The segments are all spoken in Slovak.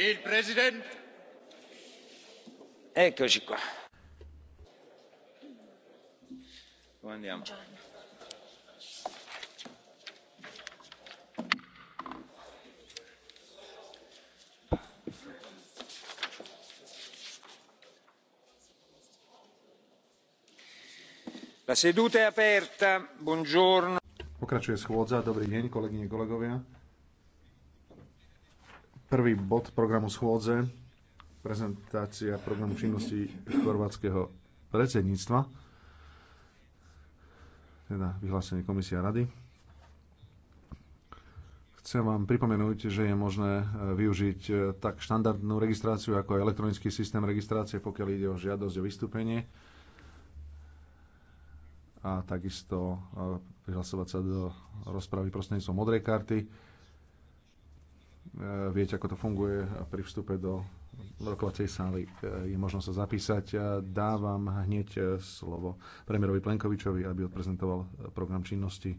il presidente eccoci qua come andiamo la seduta è aperta buongiorno pokračuje schôdza dobrý deň kolegyne kolegovia Prvý bod programu schôdze, prezentácia programu činnosti chorvátskeho predsedníctva, teda vyhlásenie komisia rady. Chcem vám pripomenúť, že je možné eh, využiť eh, tak štandardnú registráciu, ako aj elektronický systém registrácie, pokiaľ ide o žiadosť o vystúpenie a takisto prihlasovať eh, sa do rozpravy prostredníctvom modrej karty E, viete, ako to funguje pri vstupe do rokovacej sály. E, je možno sa zapísať. E, dávam hneď slovo premiérovi Plenkovičovi, aby odprezentoval program činnosti.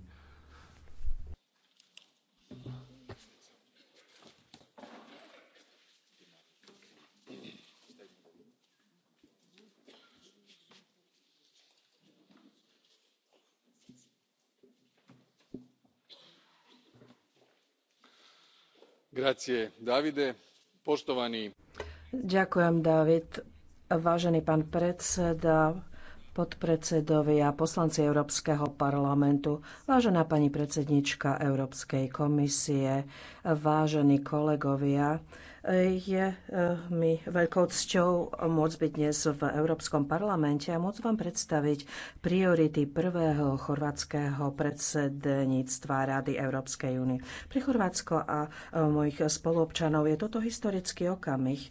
Grazie, Davide. Ďakujem, David. Vážený pán predseda, podpredsedovia, poslanci Európskeho parlamentu, vážená pani predsednička Európskej komisie, vážení kolegovia, je eh, mi veľkou cťou môcť byť dnes v Európskom parlamente a môcť vám predstaviť priority prvého chorvátskeho predsedníctva Rady Európskej únie. Pre Chorvátsko a eh, mojich spoluobčanov je toto historický okamih.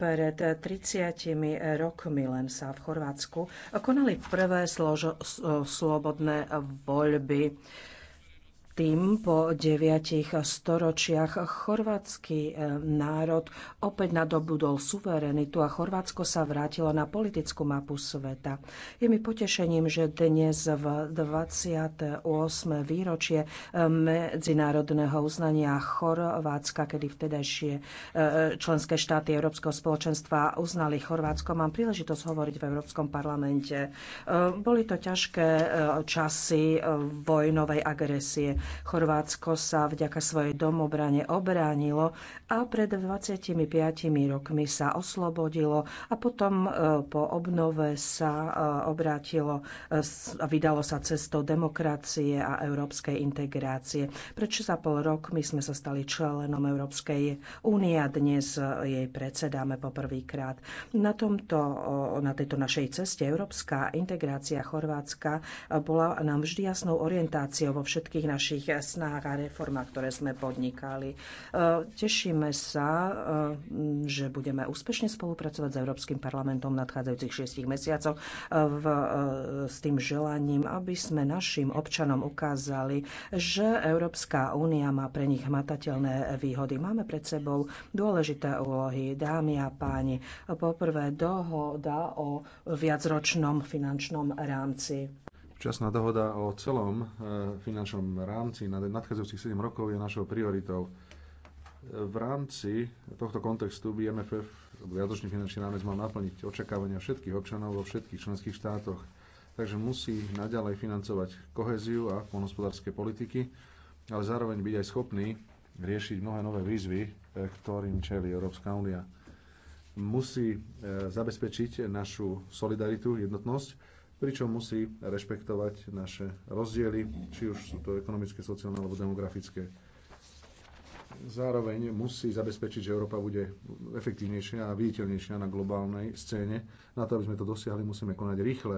Pred 30 eh, rokmi len sa v Chorvátsku konali prvé slobodné voľby tým po deviatich storočiach chorvátsky e, národ opäť nadobudol suverenitu a Chorvátsko sa vrátilo na politickú mapu sveta. Je mi potešením, že dnes v 28. výročie e, medzinárodného uznania Chorvátska, kedy vtedajšie e, členské štáty Európskeho spoločenstva uznali Chorvátsko, mám príležitosť hovoriť v Európskom parlamente. Boli to ťažké časy vojnovej agresie. Chorvátsko sa vďaka svojej domobrane obránilo a pred 25 rokmi sa oslobodilo a potom e, po obnove sa e, obrátilo e, a vydalo sa cestou demokracie a európskej integrácie. Pred 6,5 rokmi sme sa stali členom Európskej únie a dnes jej predsedáme poprvýkrát. Na, tomto, na tejto našej ceste európska integrácia Chorvátska bola nám vždy jasnou orientáciou vo všetkých našich našich snách a reformách, ktoré sme podnikali. E, tešíme sa, e, že budeme úspešne spolupracovať s Európskym parlamentom v nadchádzajúcich šiestich mesiacoch e, v, s tým želaním, aby sme našim občanom ukázali, že Európska únia má pre nich hmatateľné výhody. Máme pred sebou dôležité úlohy. Dámy a páni, poprvé dohoda o viacročnom finančnom rámci Včasná dohoda o celom e, finančnom rámci na nadchádzajúcich 7 rokov je našou prioritou. V rámci tohto kontextu by MFF, viadočný finančný rámec, mal naplniť očakávania všetkých občanov vo všetkých členských štátoch. Takže musí naďalej financovať koheziu a polnospodárske politiky, ale zároveň byť aj schopný riešiť mnohé nové výzvy, e, ktorým čelí Európska únia. Musí e, zabezpečiť našu solidaritu, jednotnosť, pričom musí rešpektovať naše rozdiely, či už sú to ekonomické, sociálne alebo demografické. Zároveň musí zabezpečiť, že Európa bude efektívnejšia a viditeľnejšia na globálnej scéne. Na to, aby sme to dosiahli, musíme konať rýchle.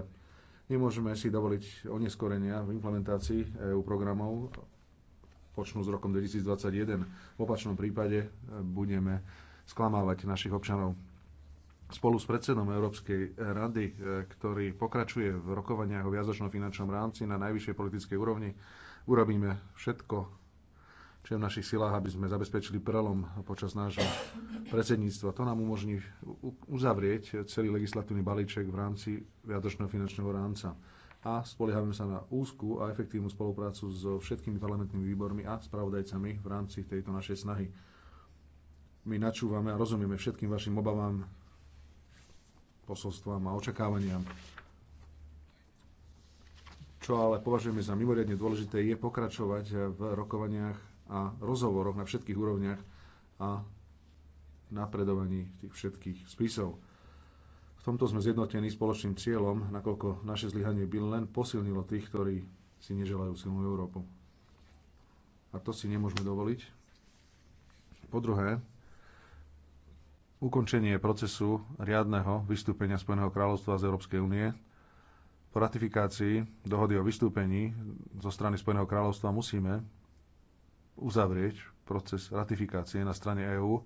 Nemôžeme si dovoliť oneskorenia v implementácii EU programov počnú s rokom 2021. V opačnom prípade budeme sklamávať našich občanov spolu s predsedom Európskej rady, e, ktorý pokračuje v rokovaniach o viazočnom finančnom rámci na najvyššej politickej úrovni, urobíme všetko, čo je v našich silách, aby sme zabezpečili prelom počas nášho predsedníctva. To nám umožní uzavrieť celý legislatívny balíček v rámci viazočného finančného rámca. A spoliehame sa na úzku a efektívnu spoluprácu so všetkými parlamentnými výbormi a spravodajcami v rámci tejto našej snahy. My načúvame a rozumieme všetkým vašim obavám, posolstvám a očakávaniam. Čo ale považujeme za mimoriadne dôležité, je pokračovať v rokovaniach a rozhovoroch na všetkých úrovniach a napredovaní tých všetkých spisov. V tomto sme zjednotení spoločným cieľom, nakoľko naše zlyhanie by len posilnilo tých, ktorí si neželajú silnú Európu. A to si nemôžeme dovoliť. Po druhé, ukončenie procesu riadneho vystúpenia Spojeného kráľovstva z Európskej únie. Po ratifikácii dohody o vystúpení zo strany Spojeného kráľovstva musíme uzavrieť proces ratifikácie na strane EÚ.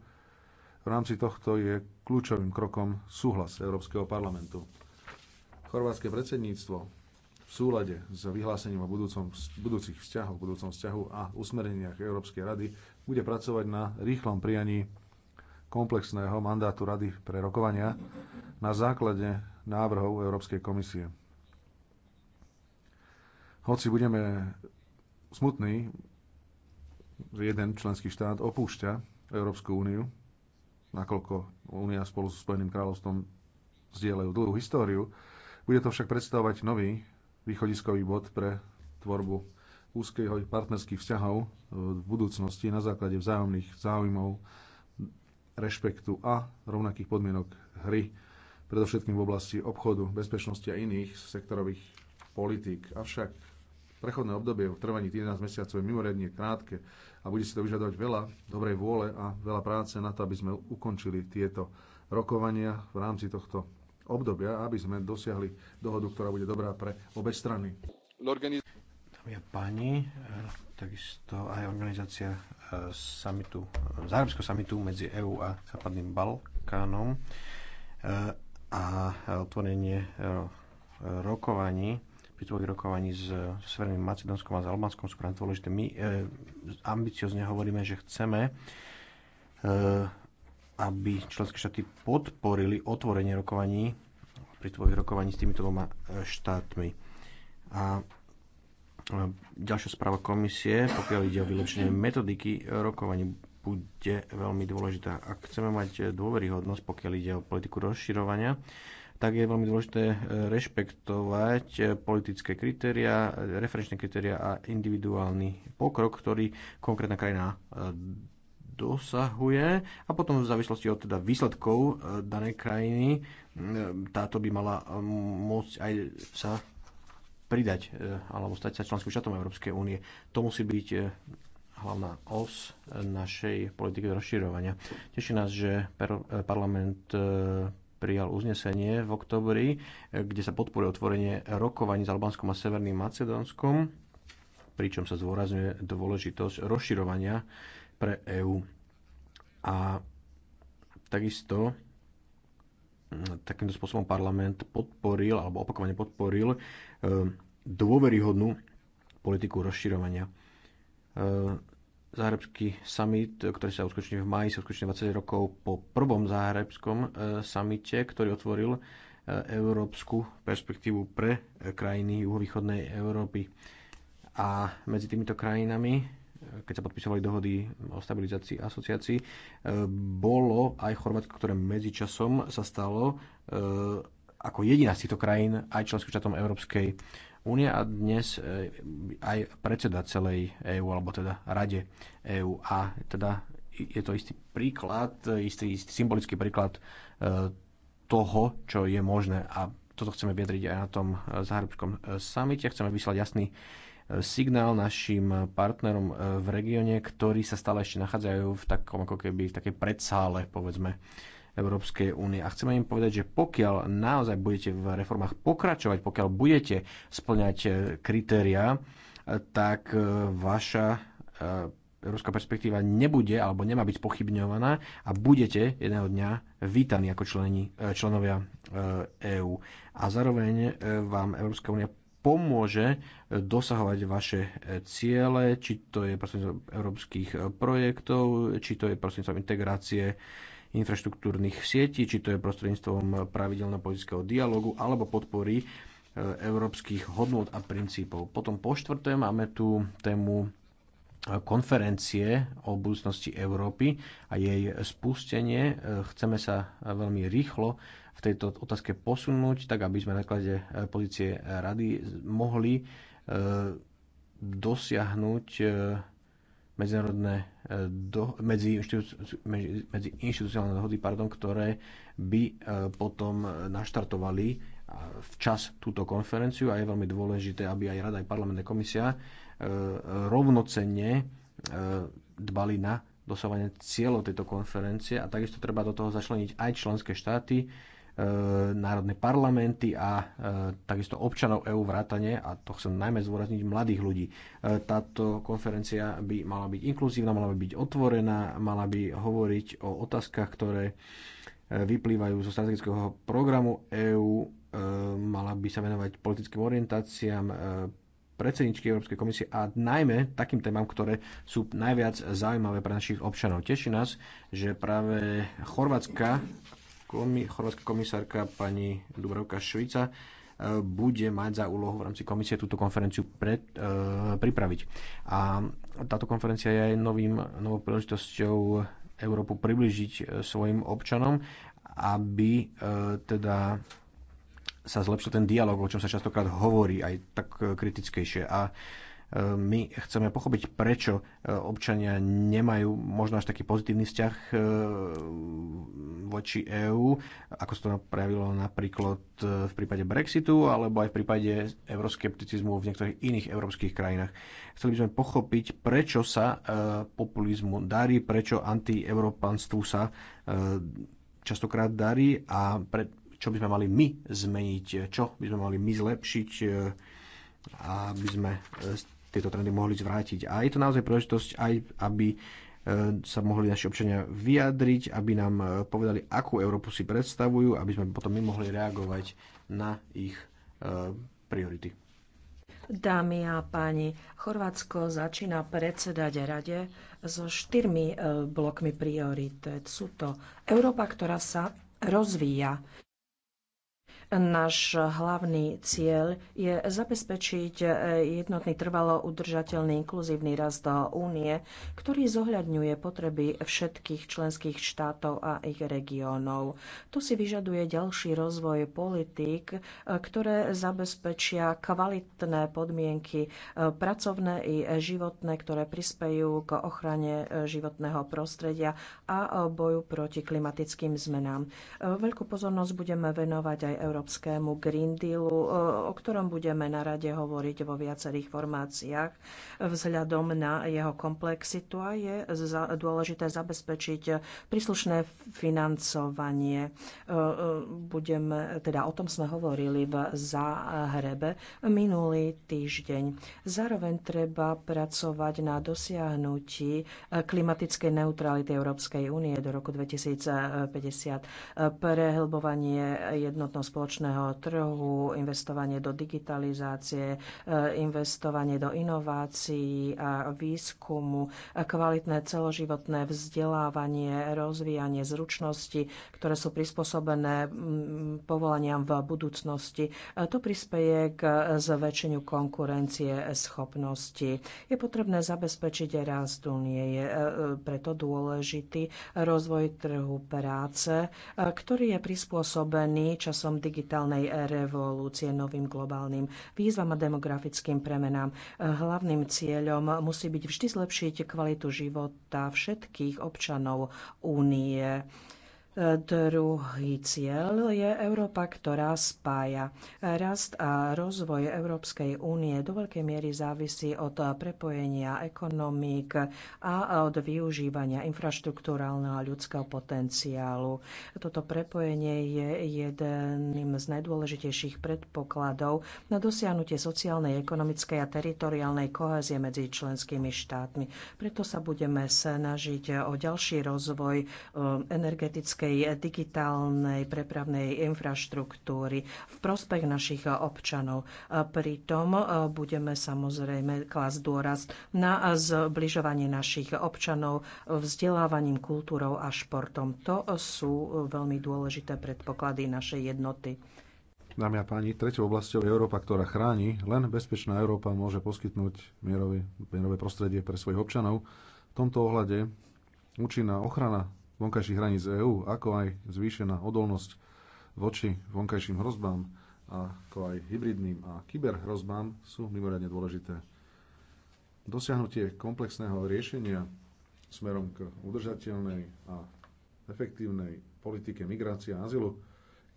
V rámci tohto je kľúčovým krokom súhlas Európskeho parlamentu. Chorvátske predsedníctvo v súlade s vyhlásením o budúcom, budúcich vzťahoch, budúcom vzťahu a usmereniach Európskej rady bude pracovať na rýchlom prianí komplexného mandátu Rady pre rokovania na základe návrhov Európskej komisie. Hoci budeme smutní, že jeden členský štát opúšťa Európsku úniu, nakoľko únia spolu so Spojeným kráľovstvom zdieľajú dlhú históriu, bude to však predstavovať nový východiskový bod pre tvorbu úzkeho partnerských vzťahov v budúcnosti na základe vzájomných záujmov rešpektu a rovnakých podmienok hry, predovšetkým v oblasti obchodu, bezpečnosti a iných sektorových politík. Avšak prechodné obdobie v trvaní 11 mesiacov je mimoriadne krátke a bude si to vyžadovať veľa dobrej vôle a veľa práce na to, aby sme ukončili tieto rokovania v rámci tohto obdobia, aby sme dosiahli dohodu, ktorá bude dobrá pre obe strany a páni, e, takisto aj organizácia e, samitu, e, Záhrebského samitu medzi EÚ a Západným Balkánom a otvorenie rokovaní, prítvových rokovaní s Severným Macedónskom a s Albánskom sú práve dôležité. My ambiciozne hovoríme, že chceme aby členské štáty podporili otvorenie rokovaní, pri tvojich rokovaní s týmito dvoma štátmi. A Ďalšia správa komisie, pokiaľ ide o vylepšenie metodiky rokovaní, bude veľmi dôležitá. Ak chceme mať dôveryhodnosť, pokiaľ ide o politiku rozširovania, tak je veľmi dôležité rešpektovať politické kritéria, referenčné kritéria a individuálny pokrok, ktorý konkrétna krajina eh, dosahuje a potom v závislosti od teda výsledkov eh, danej krajiny eh, táto by mala môcť aj sa pridať e, alebo stať sa členským štátom Európskej únie. To musí byť e, hlavná os našej politiky rozširovania. Teší nás, že e, parlament prijal uznesenie v oktobri, kde sa podporuje otvorenie rokovaní s Albánskom a Severným Macedónskom, pričom sa zdôrazňuje dôležitosť rozširovania pre EÚ. A takisto takýmto spôsobom parlament podporil, alebo opakovane podporil dôveryhodnú politiku rozširovania. E, Záhrebský summit, ktorý sa uskutočnil v maji, sa uskutočnil 20 rokov po prvom záhrebskom e, samite, ktorý otvoril e, európsku perspektívu pre krajiny juhovýchodnej Európy. A medzi týmito krajinami, keď sa podpisovali dohody o stabilizácii asociácií, bolo aj Chorvátsko, ktoré medzičasom sa stalo ako jediná z týchto krajín aj členským štátom Európskej únia a dnes e, aj predseda celej EÚ, alebo teda Rade EÚ. A teda je to istý príklad, istý, istý symbolický príklad e, toho, čo je možné. A toto chceme vyjadriť aj na tom e, zahrbskom samite. Chceme vyslať jasný signál našim partnerom v regióne, ktorí sa stále ešte nachádzajú v takom ako keby v takej predsále, povedzme, Európskej únie. A chceme im povedať, že pokiaľ naozaj budete v reformách pokračovať, pokiaľ budete splňať e, kritériá, e, tak e, vaša európska perspektíva nebude alebo nemá byť pochybňovaná a budete jedného dňa vítaní ako členi, členovia EÚ. A zároveň vám Európska únia pomôže dosahovať vaše ciele, či to je prostredníctvom európskych projektov, či to je prostredníctvom integrácie infraštruktúrnych sietí, či to je prostredníctvom pravidelného politického dialogu alebo podpory e, európskych hodnot a princípov. Potom po štvrté máme tu tému e, konferencie o budúcnosti Európy a jej spustenie. E, chceme sa veľmi rýchlo v tejto otázke posunúť, tak aby sme na klade pozície rady mohli dosiahnuť medzinárodné e, do, medzi, medzi, medzi inštitucionálne dohody, pardon, ktoré by e, potom naštartovali e, včas túto konferenciu a je veľmi dôležité, aby aj Rada, aj parlamentná komisia rovnocenne dbali na dosahovanie cieľov tejto konferencie a takisto treba do toho začleniť aj členské štáty, E, národné parlamenty a e, takisto občanov EÚ vrátane, a to chcem najmä zúrazniť, mladých ľudí. E, táto konferencia by mala byť inkluzívna, mala by byť otvorená, mala by hovoriť o otázkach, ktoré vyplývajú zo strategického programu EÚ, mala by sa venovať politickým orientáciám, predsedničky Európskej komisie a najmä takým témam, ktoré sú najviac zaujímavé pre našich občanov. Teší nás, že práve Chorvátska chorvátska komisárka pani Dubravka Švica e, bude mať za úlohu v rámci komisie túto konferenciu pred, e, pripraviť. A táto konferencia je aj novým, novou príležitosťou Európu približiť e, svojim občanom, aby e, teda sa zlepšil ten dialog, o čom sa častokrát hovorí, aj tak e, kritickejšie. A e, my chceme pochopiť, prečo e, občania nemajú možno až taký pozitívny vzťah e, voči EÚ, ako sa to prejavilo napríklad e, v prípade Brexitu alebo aj v prípade euroskepticizmu v niektorých iných európskych krajinách. Chceli by sme pochopiť, prečo sa populizmu darí, prečo antieurópanstvu sa častokrát darí a pre, čo by sme mali my zmeniť, čo by sme mali my zlepšiť, aby sme tieto trendy mohli zvrátiť. A je to naozaj príležitosť aj, aby e, sa mohli naši občania vyjadriť, aby nám e, povedali, akú Európu si predstavujú, aby sme potom my mohli reagovať na ich e, priority. Dámy a páni, Chorvátsko začína predsedať rade so štyrmi blokmi priorit. Sú to Európa, ktorá sa rozvíja, Náš hlavný cieľ je zabezpečiť jednotný trvalo udržateľný inkluzívny rast do únie, ktorý zohľadňuje potreby všetkých členských štátov a ich regiónov. To si vyžaduje ďalší rozvoj politík, ktoré zabezpečia kvalitné podmienky pracovné i životné, ktoré prispejú k ochrane životného prostredia a boju proti klimatickým zmenám. Veľkú pozornosť budeme venovať aj európskemu Green Dealu, e, o ktorom budeme na rade hovoriť vo viacerých formáciách. Vzhľadom na jeho komplexitu a je dôležité zabezpečiť príslušné financovanie. E, e, budeme, teda o tom sme hovorili v Záhrebe minulý týždeň. Zároveň treba pracovať na dosiahnutí klimatickej neutrality Európskej únie do roku 2050, prehlbovanie jednotnou spoločného trhu, investovanie do digitalizácie, e, investovanie do inovácií a výskumu, e, kvalitné celoživotné vzdelávanie, rozvíjanie zručnosti, ktoré sú prispôsobené povolaniam v budúcnosti. E, to prispieje k zväčšeniu konkurencie schopnosti. Je potrebné zabezpečiť rast únie. Je preto dôležitý rozvoj trhu práce, ktorý je prispôsobený časom digitalizácie digitálnej revolúcie, novým globálnym výzvam a demografickým premenám. Hlavným cieľom musí byť vždy zlepšiť kvalitu života všetkých občanov únie. Druhý cieľ je Európa, ktorá spája. Rast a rozvoj Európskej únie do veľkej miery závisí od prepojenia ekonomík a od využívania infraštruktúrálneho a ľudského potenciálu. Toto prepojenie je jedným z najdôležitejších predpokladov na dosiahnutie sociálnej, ekonomickej a teritoriálnej kohézie medzi členskými štátmi. Preto sa budeme snažiť o ďalší rozvoj eh, energetickej slovenskej digitálnej prepravnej infraštruktúry v prospech našich občanov. Pritom eh, budeme samozrejme klásť dôraz na zbližovanie našich občanov vzdelávaním, kultúrou a športom. To sú veľmi dôležité predpoklady našej jednoty. Dámy a páni, treťou oblasťou je Európa, ktorá chráni. Len bezpečná Európa môže poskytnúť mierové, mierové prostredie pre svojich občanov. V tomto ohľade účinná ochrana vonkajších hraníc EÚ, ako aj zvýšená odolnosť voči vonkajším hrozbám, ako aj hybridným a kyberhrozbám sú mimoriadne dôležité. Dosiahnutie komplexného riešenia smerom k udržateľnej a efektívnej politike migrácie a azylu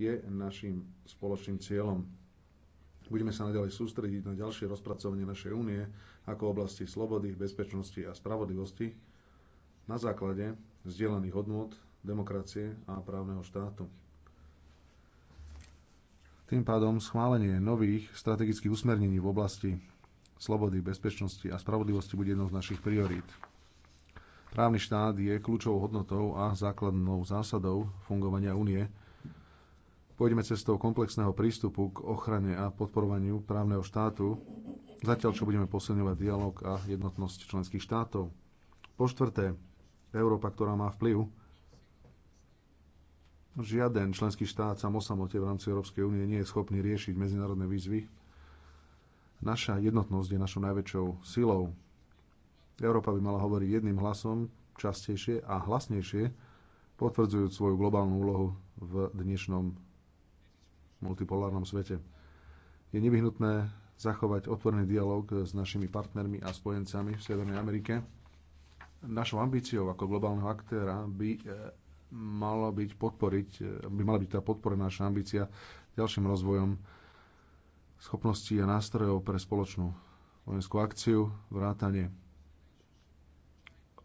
je našim spoločným cieľom. Budeme sa naďalej sústrediť na ďalšie rozpracovanie našej únie ako oblasti slobody, bezpečnosti a spravodlivosti na základe zdieľaných hodnôt, demokracie a právneho štátu. Tým pádom schválenie nových strategických usmernení v oblasti slobody, bezpečnosti a spravodlivosti bude jednou z našich priorít. Právny štát je kľúčovou hodnotou a základnou zásadou fungovania únie. Pôjdeme cestou komplexného prístupu k ochrane a podporovaniu právneho štátu, zatiaľ čo budeme posilňovať dialog a jednotnosť členských štátov. Po štvrté, Európa, ktorá má vplyv. Žiaden členský štát samosamote v rámci Európskej únie nie je schopný riešiť medzinárodné výzvy. Naša jednotnosť je našou najväčšou silou. Európa by mala hovoriť jedným hlasom častejšie a hlasnejšie, potvrdzujúc svoju globálnu úlohu v dnešnom multipolárnom svete. Je nevyhnutné zachovať otvorený dialog s našimi partnermi a spojencami v Severnej Amerike Našou ambíciou ako globálneho aktéra by e, mala byť podporiť, e, by mala byť tá podpora naša ambícia ďalším rozvojom schopností a nástrojov pre spoločnú vojenskú akciu, vrátanie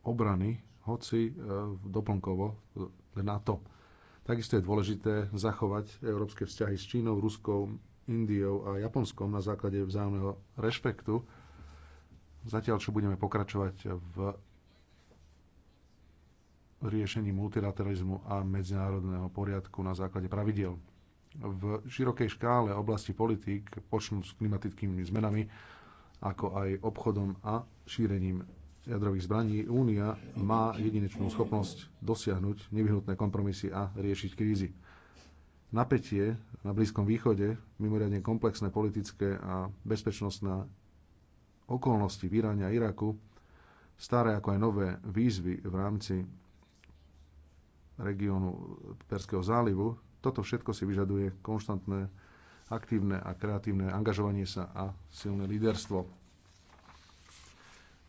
obrany, hoci e, doplnkovo NATO. Takisto je dôležité zachovať európske vzťahy s Čínou, Ruskou, Indiou a Japonskom na základe vzájomného rešpektu, zatiaľ čo budeme pokračovať v riešení multilateralizmu a medzinárodného poriadku na základe pravidiel. V širokej škále oblasti politík, počnú s klimatickými zmenami, ako aj obchodom a šírením jadrových zbraní, Únia má jedinečnú schopnosť dosiahnuť nevyhnutné kompromisy a riešiť krízy. Napätie na Blízkom východe, mimoriadne komplexné politické a bezpečnostné okolnosti výrania Iraku, staré ako aj nové výzvy v rámci regiónu Perského zálivu. Toto všetko si vyžaduje konštantné, aktívne a kreatívne angažovanie sa a silné líderstvo.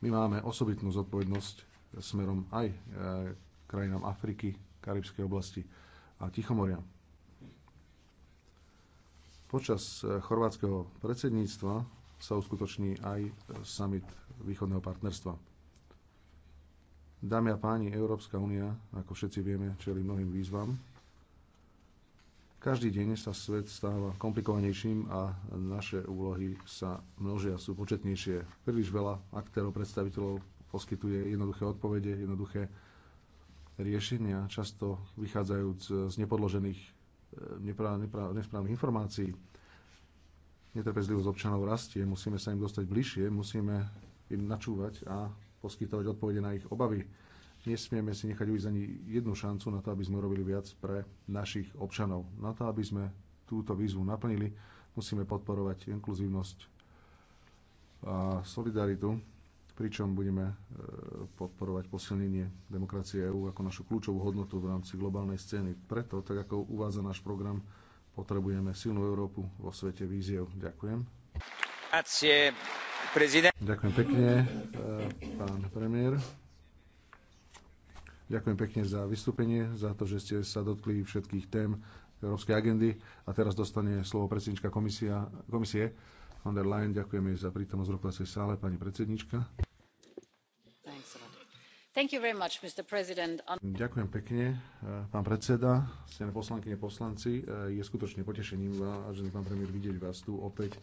My máme osobitnú zodpovednosť smerom aj e, krajinám Afriky, Karibskej oblasti a Tichomoria. Počas e, chorvátskeho predsedníctva sa uskutoční aj e, summit východného partnerstva. Dámy a páni, Európska únia, ako všetci vieme, čeli mnohým výzvam. Každý deň sa svet stáva komplikovanejším a naše úlohy sa množia, sú početnejšie. Príliš veľa aktérov, predstaviteľov poskytuje jednoduché odpovede, jednoduché riešenia, často vychádzajúc z nepodložených eh, nesprávnych informácií. Netrpezlivosť občanov rastie, musíme sa im dostať bližšie, musíme im načúvať a poskytovať odpovede na ich obavy. Nesmieme si nechať ujsť ani jednu šancu na to, aby sme robili viac pre našich občanov. Na to, aby sme túto výzvu naplnili, musíme podporovať inkluzívnosť a solidaritu, pričom budeme e, podporovať posilnenie demokracie EÚ ako našu kľúčovú hodnotu v rámci globálnej scény. Preto, tak ako uvádza náš program, potrebujeme silnú Európu vo svete víziev. Ďakujem. Grazie prezident. Ďakujem pekne, e, pán premiér. Ďakujem pekne za vystúpenie, za to, že ste sa dotkli všetkých tém európskej agendy. A teraz dostane slovo predsednička komisia, komisie. Von der Leyen, ďakujem jej za prítomnosť v rokovacej sále, pani predsednička. Much, Ďakujem pekne, e, pán predseda, stené poslankyne, poslanci. E, je skutočne potešením, vážený pán premiér, vidieť vás tu opäť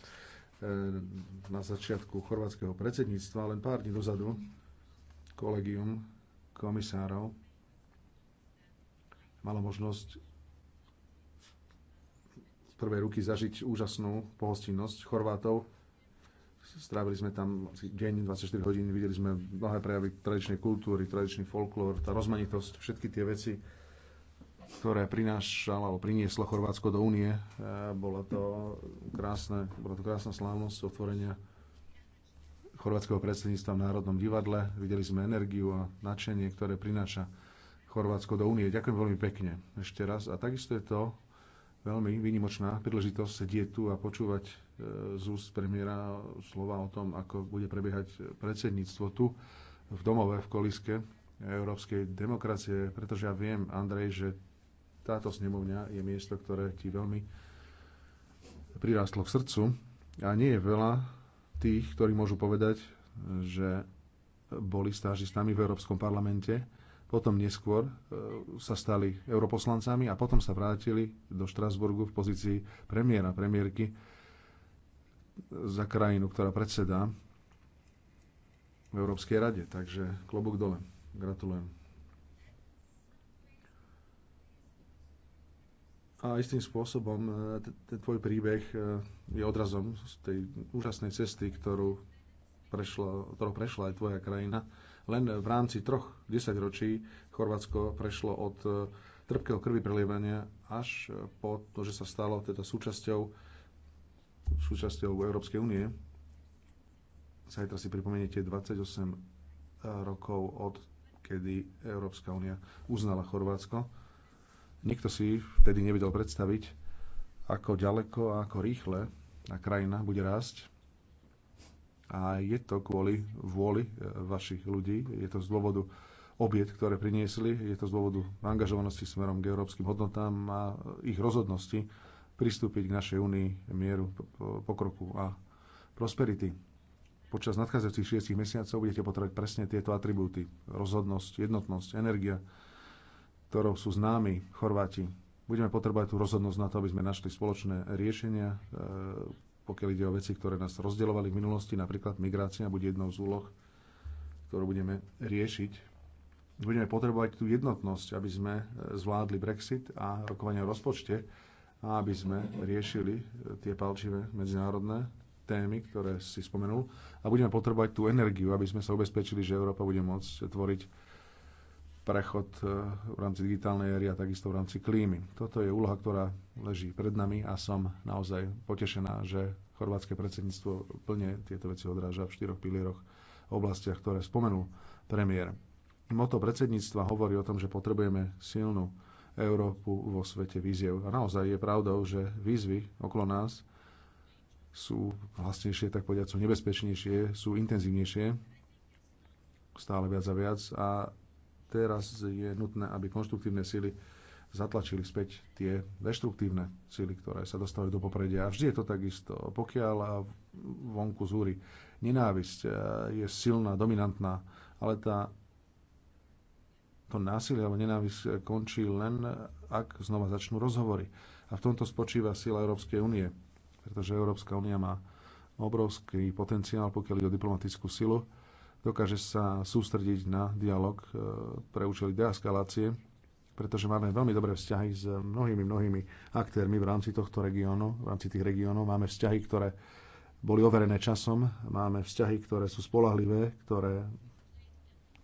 na začiatku chorvátskeho predsedníctva, len pár dní dozadu, kolegium komisárov malo možnosť z prvej ruky zažiť úžasnú pohostinnosť Chorvátov. Strávili sme tam deň, 24 hodín, videli sme mnohé prejavy tradičnej kultúry, tradičný folklór, tá rozmanitosť, všetky tie veci, ktoré prinášalo alebo prinieslo Chorvátsko do únie. E, bolo to krásne, bola to krásna slávnosť otvorenia chorvátskeho predsedníctva v Národnom divadle. Videli sme energiu a nadšenie, ktoré prináša Chorvátsko do únie. Ďakujem veľmi pekne ešte raz. A takisto je to veľmi výnimočná príležitosť sedieť tu a počúvať e, z úst premiéra slova o tom, ako bude prebiehať predsedníctvo tu v domove, v koliske e, európskej demokracie, pretože ja viem, Andrej, že táto snemovňa je miesto, ktoré ti veľmi prirástlo k srdcu a nie je veľa tých, ktorí môžu povedať, že boli stážistami v Európskom parlamente, potom neskôr e, sa stali europoslancami a potom sa vrátili do Štrasburgu v pozícii premiéra, premiérky za krajinu, ktorá predsedá v Európskej rade. Takže klobúk dole. Gratulujem. A istým spôsobom e, ten tvoj príbeh e, je odrazom z tej úžasnej cesty, ktorú prešla, ktorou prešla aj tvoja krajina. Len v rámci troch desaťročí Chorvátsko prešlo od e, trpkého krvi prelievania až po to, že sa stalo teda súčasťou, súčasťou Európskej únie. Zajtra si pripomeniete 28 rokov od kedy Európska únia uznala Chorvátsko Nikto si vtedy nevedel predstaviť, ako ďaleko a ako rýchle tá krajina bude rásť. A je to kvôli vôli e, vašich ľudí, je to z dôvodu obiet, ktoré priniesli, je to z dôvodu angažovanosti smerom k európskym hodnotám a ich rozhodnosti pristúpiť k našej únii mieru, pokroku a prosperity. Počas nadchádzajúcich šiestich mesiacov budete potrebovať presne tieto atribúty. Rozhodnosť, jednotnosť, energia, ktorou sú známi Chorváti. Budeme potrebovať tú rozhodnosť na to, aby sme našli spoločné riešenia, e, pokiaľ ide o veci, ktoré nás rozdeľovali v minulosti, napríklad migrácia bude jednou z úloh, ktorú budeme riešiť. Budeme potrebovať tú jednotnosť, aby sme e, zvládli Brexit a rokovanie o rozpočte a aby sme riešili e, tie palčivé medzinárodné témy, ktoré si spomenul. A budeme potrebovať tú energiu, aby sme sa ubezpečili, že Európa bude môcť tvoriť prechod e, v rámci digitálnej éry a takisto v rámci klímy. Toto je úloha, ktorá leží pred nami a som naozaj potešená, že chorvátske predsedníctvo plne tieto veci odráža v štyroch pilieroch v oblastiach, ktoré spomenul premiér. Moto predsedníctva hovorí o tom, že potrebujeme silnú Európu vo svete víziev. A naozaj je pravdou, že výzvy okolo nás sú vlastnejšie, tak povedať, sú nebezpečnejšie, sú intenzívnejšie, stále viac a viac a Teraz je nutné, aby konštruktívne síly zatlačili späť tie deštruktívne síly, ktoré sa dostávajú do popredia. A vždy je to takisto. Pokiaľ vonku zúri nenávisť e, je silná, dominantná, ale tá, to násilie alebo nenávisť končí len, ak znova začnú rozhovory. A v tomto spočíva sila Európskej únie, pretože Európska únia má obrovský potenciál, pokiaľ ide o diplomatickú silu dokáže sa sústrediť na dialog e, pre účely deeskalácie, pretože máme veľmi dobré vzťahy s mnohými, mnohými aktérmi v rámci tohto regiónu, v rámci tých regiónov. Máme vzťahy, ktoré boli overené časom, máme vzťahy, ktoré sú spolahlivé, ktoré,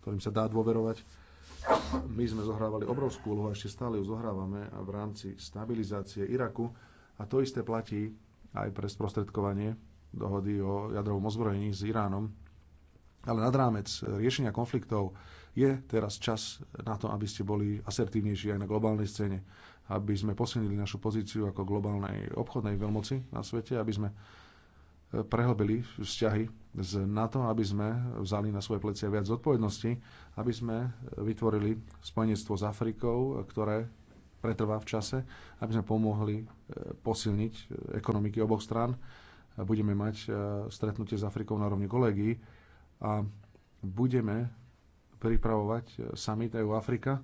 ktorým sa dá dôverovať. My sme zohrávali obrovskú úlohu a ešte stále ju zohrávame v rámci stabilizácie Iraku a to isté platí aj pre sprostredkovanie dohody o jadrovom ozbrojení s Iránom ale nad rámec riešenia konfliktov je teraz čas na to, aby ste boli asertívnejší aj na globálnej scéne, aby sme posilnili našu pozíciu ako globálnej obchodnej veľmoci na svete, aby sme e, prehlbili vzťahy z NATO, aby sme vzali na svoje plecia viac zodpovednosti, aby sme e, vytvorili spojenectvo s Afrikou, ktoré pretrvá v čase, aby sme pomohli e, posilniť ekonomiky oboch strán. Budeme mať stretnutie s Afrikou na rovni kolegií a budeme pripravovať e, summit EU Afrika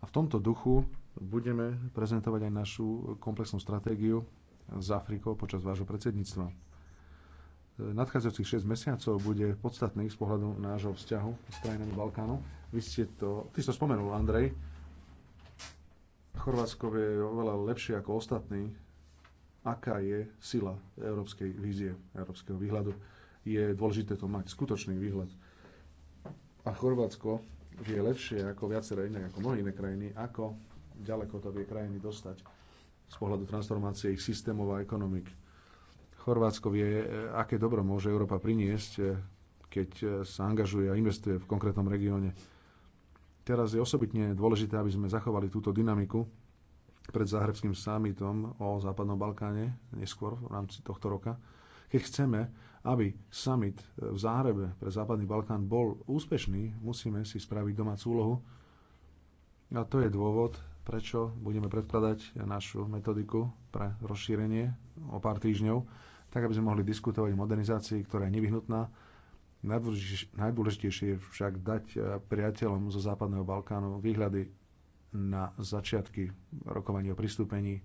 a v tomto duchu budeme prezentovať aj našu komplexnú stratégiu s Afrikou počas vášho predsedníctva. E, nadchádzajúcich 6 mesiacov bude podstatný z pohľadu nášho vzťahu s krajinami Balkánu. Vy ste to, ty si to spomenul, Andrej. Chorvátsko je oveľa lepšie ako ostatní. Aká je sila európskej vízie, európskeho výhľadu? je dôležité to mať skutočný výhľad. A Chorvátsko vie lepšie ako viaceré iné, ako mnohé iné krajiny, ako ďaleko to vie krajiny dostať z pohľadu transformácie ich systémov a ekonomik. Chorvátsko vie, e, aké dobro môže Európa priniesť, e, keď e, sa angažuje a investuje v konkrétnom regióne. Teraz je osobitne dôležité, aby sme zachovali túto dynamiku pred záhrebským summitom o Západnom Balkáne neskôr v rámci tohto roka, keď chceme aby summit e, v Záhrebe pre Západný Balkán bol úspešný, musíme si spraviť domácu úlohu. A to je dôvod, prečo budeme predkladať našu metodiku pre rozšírenie o pár týždňov, tak aby sme mohli diskutovať o modernizácii, ktorá je nevyhnutná. Najdôležitejšie je však dať e, priateľom zo Západného Balkánu výhľady na začiatky rokovania o pristúpení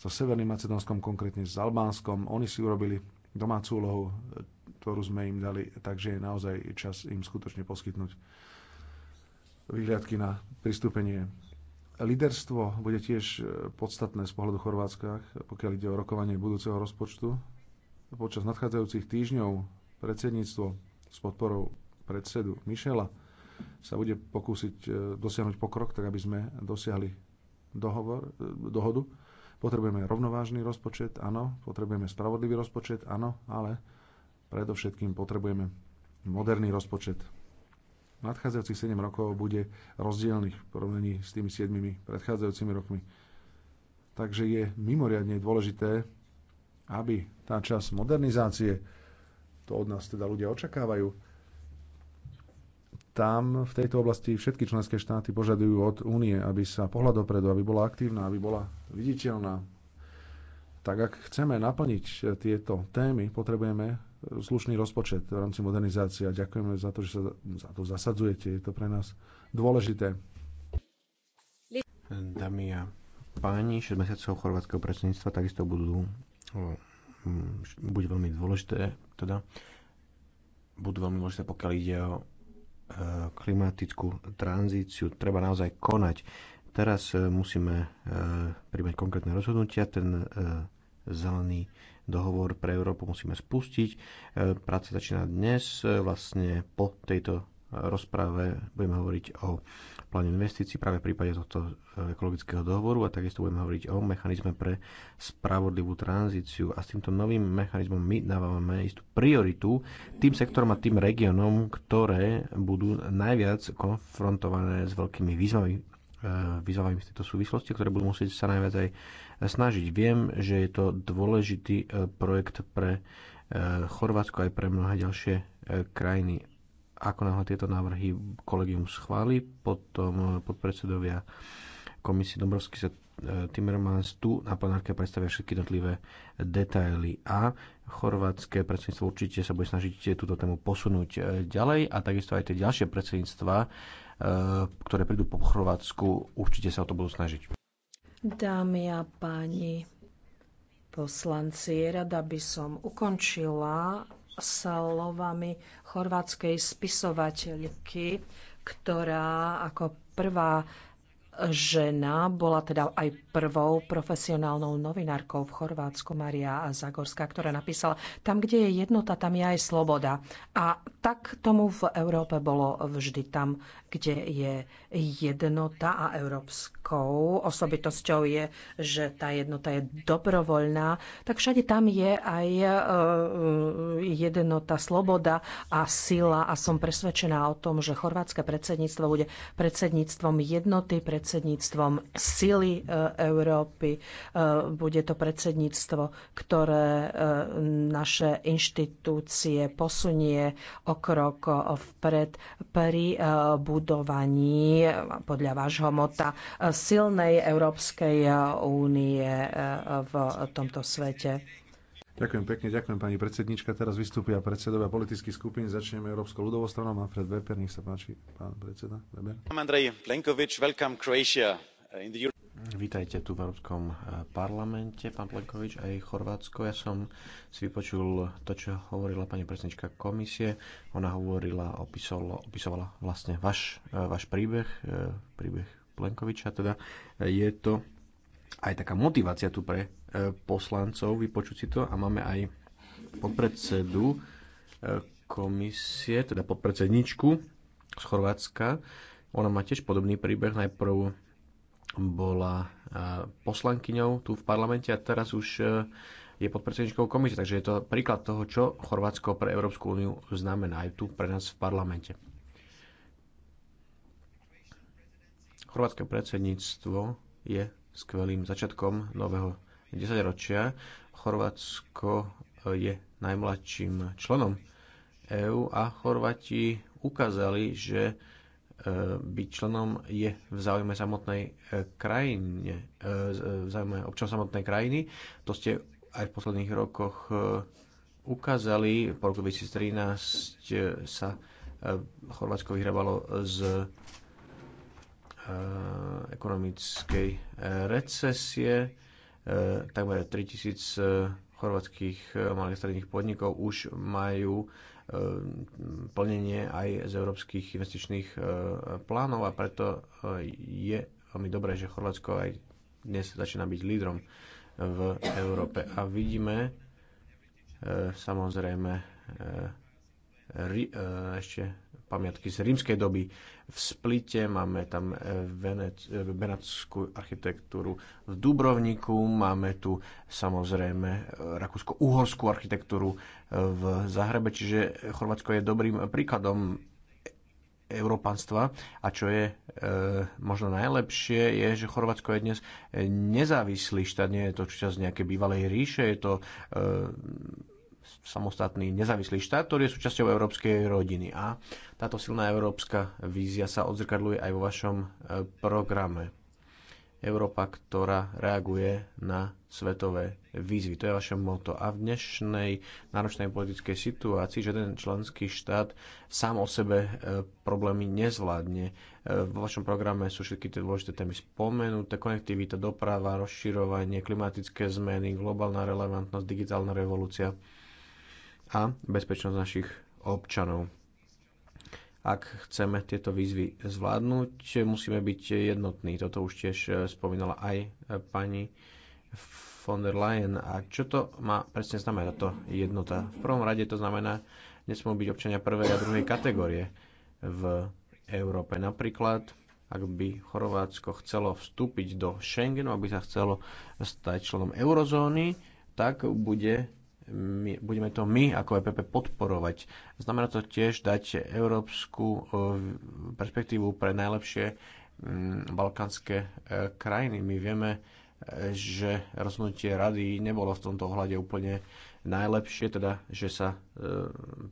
so Severným Macedónskom, konkrétne s Albánskom. Oni si urobili domácu úlohu, e, ktorú sme im dali, takže je naozaj čas im skutočne poskytnúť vyhliadky na pristúpenie. Liderstvo bude tiež e, podstatné z pohľadu Chorvátska, pokiaľ ide o rokovanie budúceho rozpočtu. Počas nadchádzajúcich týždňov predsedníctvo s podporou predsedu Mišela sa bude pokúsiť e, dosiahnuť pokrok, tak aby sme dosiahli dohovor, dohodu Potrebujeme rovnovážny rozpočet, áno, potrebujeme spravodlivý rozpočet, áno, ale predovšetkým potrebujeme moderný rozpočet. Nadchádzajúcich 7 rokov bude rozdielných v porovnaní s tými 7 predchádzajúcimi rokmi. Takže je mimoriadne dôležité, aby tá časť modernizácie, to od nás teda ľudia očakávajú, tam v tejto oblasti všetky členské štáty požadujú od únie, aby sa pohľad dopredu, aby bola aktívna, aby bola viditeľná. Tak ak chceme naplniť tieto témy, potrebujeme slušný rozpočet v rámci modernizácie a ďakujeme za to, že sa za to zasadzujete. Je to pre nás dôležité. Dámy a páni, 6 mesiacov chorvátskeho predsedníctva takisto budú bude veľmi dôležité, teda budú veľmi dôležité, pokiaľ ide o klimatickú tranzíciu. Treba naozaj konať. Teraz e, musíme e, príjmať konkrétne rozhodnutia. Ten e, zelený dohovor pre Európu musíme spustiť. Práca začína dnes. Vlastne po tejto rozprave budeme hovoriť o pláne investícií práve v prípade tohto e, ekologického dohovoru a takisto budeme hovoriť o mechanizme pre spravodlivú tranzíciu. A s týmto novým mechanizmom my dávame istú prioritu tým sektorom a tým regiónom, ktoré budú najviac konfrontované s veľkými výzvami e, výzvami v tejto súvislosti, ktoré budú musieť sa najviac aj snažiť. Viem, že je to dôležitý e, projekt pre Chorvátsko aj pre mnohé ďalšie krajiny ako náhle tieto návrhy kolegium schváli, potom eh, podpredsedovia komisie Dombrovský sa eh, Timmermans tu na plenárke predstavia všetky jednotlivé eh, detaily a chorvátske predsedníctvo určite sa bude snažiť túto tému posunúť ďalej a takisto aj tie ďalšie predsedníctva, ktoré prídu po Chorvátsku, určite sa o to budú snažiť. Dámy a páni poslanci, rada by som ukončila slovami chorvátskej spisovateľky, ktorá ako prvá žena bola teda aj prvou profesionálnou novinárkou v Chorvátsku, Maria Zagorská, ktorá napísala, tam, kde je jednota, tam je aj sloboda. A tak tomu v Európe bolo vždy tam, kde je jednota a európskou osobitosťou je, že tá jednota je dobrovoľná, tak všade tam je aj e, e, jednota, sloboda a sila a som presvedčená o tom, že chorvátske predsedníctvo bude predsedníctvom jednoty, predsedníctvom predsedníctvom sily e, Európy. E, bude to predsedníctvo, ktoré e, naše inštitúcie posunie o krok vpred pri budovaní podľa vášho mota silnej Európskej únie v tomto svete. Ďakujem pekne, ďakujem pani predsednička. Teraz vystúpia predsedovia politických skupín. Začneme Európskou ľudovou stranou. Manfred Weber, nech sa páči, pán predseda Weber. Andrej Plenkovič, welcome Croatia eh, in the Vítajte tu v Európskom eh, parlamente, pán Plenkovič, aj Chorvátsko. Ja som si vypočul to, čo hovorila pani predsednička komisie. Ona hovorila, opisovala, opisovala vlastne váš, eh, váš príbeh, príbeh Plenkoviča. Teda je to aj taká motivácia tu pre poslancov vypočuť si to a máme aj podpredsedu e, komisie, teda podpredsedničku z Chorvátska. Ona má tiež podobný príbeh. Najprv bola e, poslankyňou tu v parlamente a teraz už e, je podpredsedničkou komisie. Takže je to príklad toho, čo Chorvátsko pre Európsku úniu znamená aj tu pre nás v parlamente. Chorvátske predsedníctvo je skvelým začiatkom nového 10 ročia Chorvátsko e, je najmladším členom EÚ a Chorváti ukázali, že e, byť členom je v záujme samotnej e, krajine, v záujme občan samotnej krajiny. To ste aj v posledných rokoch ukázali. Po roku 2013 sa Chorvátsko vyhrávalo z ekonomickej recesie E, takmer 3000 e, chorvatských e, malých stredných podnikov už majú plnenie aj z európskych investičných plánov a preto je veľmi dobré, že Chorvátsko aj dnes začína byť lídrom v Európe. A vidíme samozrejme ešte pamiatky z rímskej doby. V Splite máme tam e, Venec, e, benátskú architektúru v Dubrovniku, máme tu samozrejme e, rakúsko-uhorskú architektúru v Zahrebe, čiže Chorvátsko je dobrým príkladom európanstva a čo je e, možno najlepšie je, že Chorvátsko je dnes nezávislý štát, nie je to časť nejaké bývalej ríše, je to e, samostatný nezávislý štát, ktorý je súčasťou európskej rodiny. A táto silná európska vízia sa odzrkadluje aj vo vašom e, programe. Európa, ktorá reaguje na svetové výzvy. To je vaše moto. A v dnešnej náročnej politickej situácii, že ten členský štát sám o sebe e, problémy nezvládne. E, vo vašom programe sú všetky tie dôležité témy spomenuté. Konektivita, doprava, rozširovanie, klimatické zmeny, globálna relevantnosť, digitálna revolúcia a bezpečnosť našich občanov. Ak chceme tieto výzvy zvládnuť, musíme byť jednotní. Toto už tiež spomínala aj pani von der Leyen. A čo to má presne znamená to jednota? V prvom rade to znamená, nesmú byť občania prvej a druhej kategórie v Európe. Napríklad, ak by Chorvátsko chcelo vstúpiť do Schengenu, aby sa chcelo stať členom eurozóny, tak bude my, budeme to my ako EPP podporovať. Znamená to tiež dať európsku e, perspektívu pre najlepšie mm, balkánske e, krajiny. My vieme, e, že rozhodnutie rady nebolo v tomto ohľade úplne najlepšie, teda že sa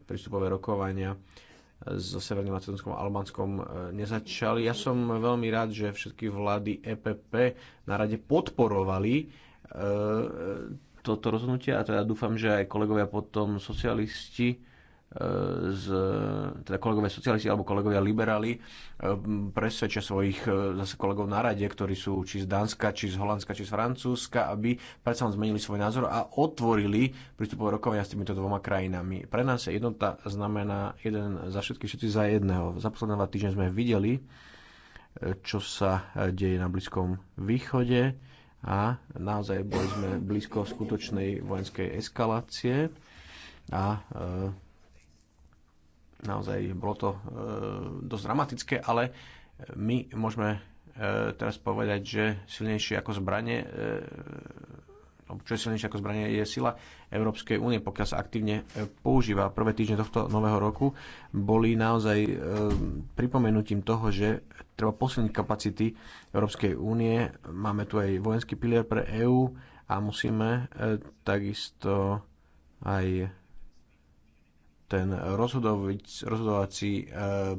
prístupové rokovania so Severným Macedónskom a Albánskom nezačali. Ja som veľmi rád, že všetky vlády EPP na rade podporovali toto rozhodnutie a teda dúfam, že aj kolegovia potom socialisti e, z, teda kolegovia socialisti alebo kolegovia liberáli e, presvedčia svojich e, zase kolegov na rade, ktorí sú či z Dánska, či z Holandska, či z Francúzska, aby predsa len zmenili svoj názor a otvorili prístupové rokovania s týmito dvoma krajinami. Pre nás jednota znamená jeden za všetky, všetci za jedného. Za posledné dva týždne sme videli, čo sa deje na Blízkom východe a naozaj boli sme blízko skutočnej vojenskej eskalácie a e, naozaj bolo to e, dosť dramatické, ale my môžeme e, teraz povedať, že silnejšie ako zbranie čo je silnejšie ako zbranie, je sila Európskej únie, pokiaľ sa aktívne e, používa. Prvé týždne tohto nového roku boli naozaj e, pripomenutím toho, že treba posilniť kapacity Európskej únie. Máme tu aj vojenský pilier pre EÚ a musíme e, takisto aj ten rozhodovací e,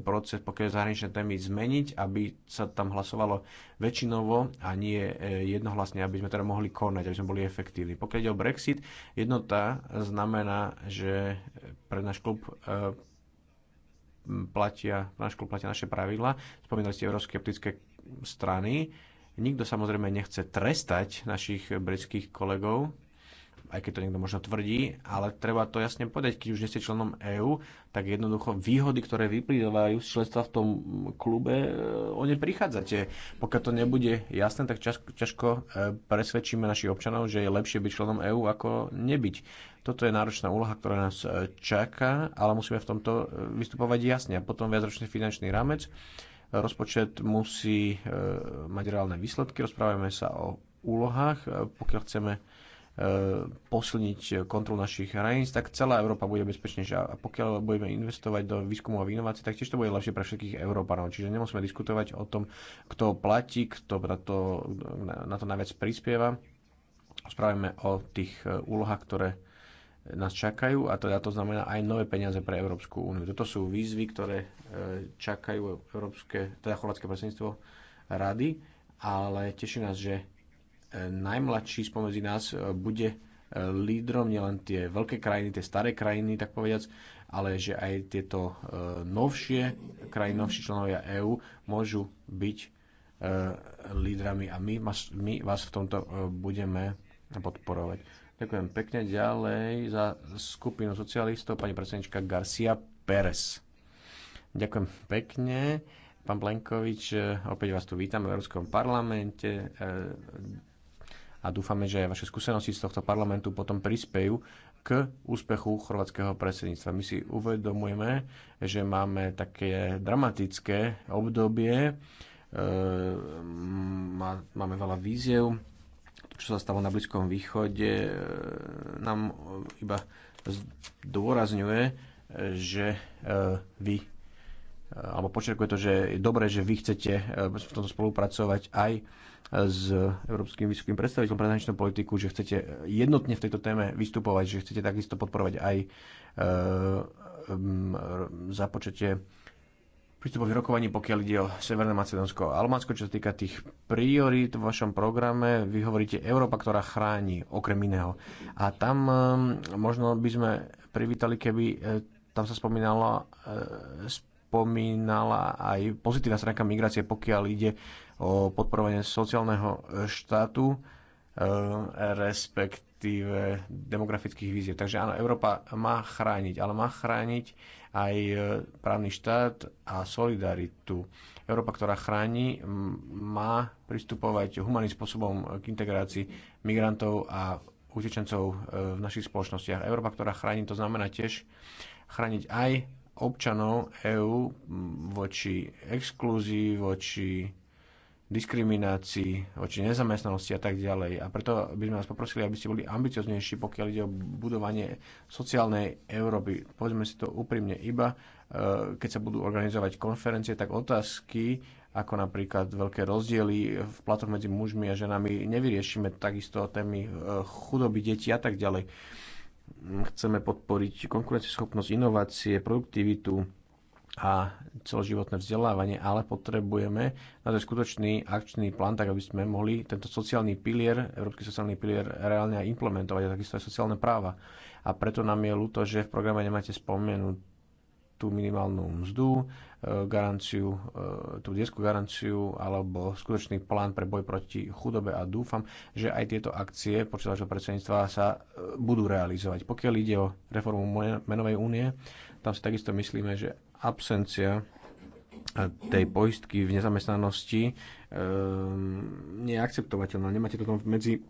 proces, pokiaľ zahraničné témy zmeniť, aby sa tam hlasovalo väčšinovo a nie e, jednohlasne, aby sme teda mohli konať, aby sme boli efektívni. Pokiaľ ide o Brexit, jednota znamená, že pre náš klub e, platia, náš klub platia naše pravidla. Spomínali ste euroskeptické strany. Nikto samozrejme nechce trestať našich britských kolegov, aj keď to niekto možno tvrdí, ale treba to jasne povedať, keď už nie ste členom EÚ, tak jednoducho výhody, ktoré vyplývajú z členstva v tom klube, e, o ne prichádzate. Pokiaľ to nebude jasné, tak ťažko e, presvedčíme našich občanov, že je lepšie byť členom EÚ ako nebyť. Toto je náročná úloha, ktorá nás e, čaká, ale musíme v tomto vystupovať jasne. A potom viacročný finančný rámec. Rozpočet musí mať reálne výsledky. Rozprávame sa o úlohách, pokiaľ chceme E, posilniť kontrolu našich hraníc, tak celá Európa bude bezpečnejšia. A pokiaľ budeme investovať do výskumu a inovácií, tak tiež to bude lepšie pre všetkých Európanov. Čiže nemusíme diskutovať o tom, kto platí, kto na to, na to najviac prispieva. Spravíme o tých e, úlohách, ktoré nás čakajú a teda to znamená aj nové peniaze pre Európsku úniu. Toto sú výzvy, ktoré e, čakajú Európske, teda chorvátske predsedníctvo rady, ale teší nás, že najmladší spomedzi nás e, bude e, lídrom, nielen tie veľké krajiny, tie staré krajiny, tak povediac, ale že aj tieto e, novšie krajiny, novší členovia EÚ môžu byť lídrami a my, my vás v tomto budeme podporovať. Ďakujem pekne. Ďalej za skupinu socialistov pani predsednička Garcia Pérez. Ďakujem pekne. Pán Plenkovič, opäť vás tu vítam v Európskom parlamente a dúfame, že vaše skúsenosti z tohto parlamentu potom prispejú k úspechu chorvátskeho predsedníctva. My si uvedomujeme, že máme také dramatické obdobie, e, máme veľa víziev, to, čo sa stalo na Blízkom východe, e, nám iba zdôrazňuje, že e, vy alebo počerkuje to, že je dobré, že vy chcete v tomto spolupracovať aj s Európskym vysokým predstaviteľom pre zahraničnú politiku, že chcete jednotne v tejto téme vystupovať, že chcete takisto podporovať aj e, započete prístupových rokovaní, pokiaľ ide o Severné Macedónsko a Almánsko, čo sa týka tých priorít v vašom programe, vy hovoríte Európa, ktorá chráni, okrem iného. A tam e, možno by sme privítali, keby e, tam sa spomínala spomínala aj pozitívna stránka migrácie, pokiaľ ide o podporovanie sociálneho štátu, e, respektíve demografických víziev. Takže áno, Európa má chrániť, ale má chrániť aj e, právny štát a solidaritu. Európa, ktorá chráni, má pristupovať humaným spôsobom k integrácii migrantov a utečencov e, v našich spoločnostiach. Európa, ktorá chráni, to znamená tiež chrániť aj občanov EÚ mm, voči exklúzii, voči diskriminácii, voči nezamestnanosti a tak ďalej. A preto by sme vás poprosili, aby ste boli ambicioznejší, pokiaľ ide o budovanie sociálnej Európy. Povedzme si to úprimne iba, e, keď sa budú organizovať konferencie, tak otázky ako napríklad veľké rozdiely v platoch medzi mužmi a ženami nevyriešime, takisto témy e, chudoby detí a tak ďalej. Chceme podporiť konkurencieschopnosť, inovácie, produktivitu a celoživotné vzdelávanie, ale potrebujeme na to skutočný akčný plán, tak aby sme mohli tento sociálny pilier, európsky sociálny pilier reálne aj implementovať a takisto aj sociálne práva. A preto nám je ľúto, že v programe nemáte tú minimálnu mzdu, garanciu, e, tú detskú garanciu alebo skutočný plán pre boj proti chudobe a dúfam, že aj tieto akcie počas vašho predsedníctva sa e, budú realizovať. Pokiaľ ide o reformu menovej únie, tam si takisto myslíme, že absencia e, tej poistky v nezamestnanosti nie je akceptovateľná. Nemáte to tam medzi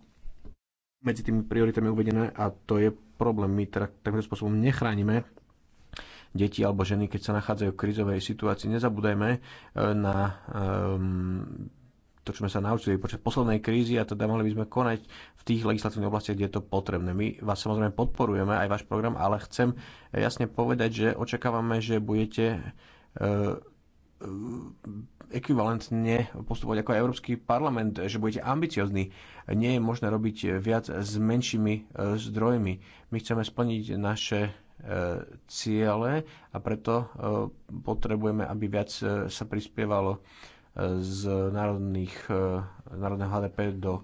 medzi tými prioritami uvedené a to je problém. My teda takýmto spôsobom nechránime deti alebo ženy, keď sa nachádzajú v krizovej situácii. Nezabúdajme e, na e, to, čo sme sa naučili počas poslednej krízy a teda mohli by sme konať v tých legislatívnych oblastiach, kde je to potrebné. My vás samozrejme podporujeme, aj váš program, ale chcem jasne povedať, že očakávame, že budete e, ekvivalentne postupovať ako Európsky parlament, že budete ambiciozní. Nie je možné robiť viac s menšími zdrojmi. My chceme splniť naše E, ciele a preto e, potrebujeme, aby viac e, sa prispievalo z národných, národného HDP do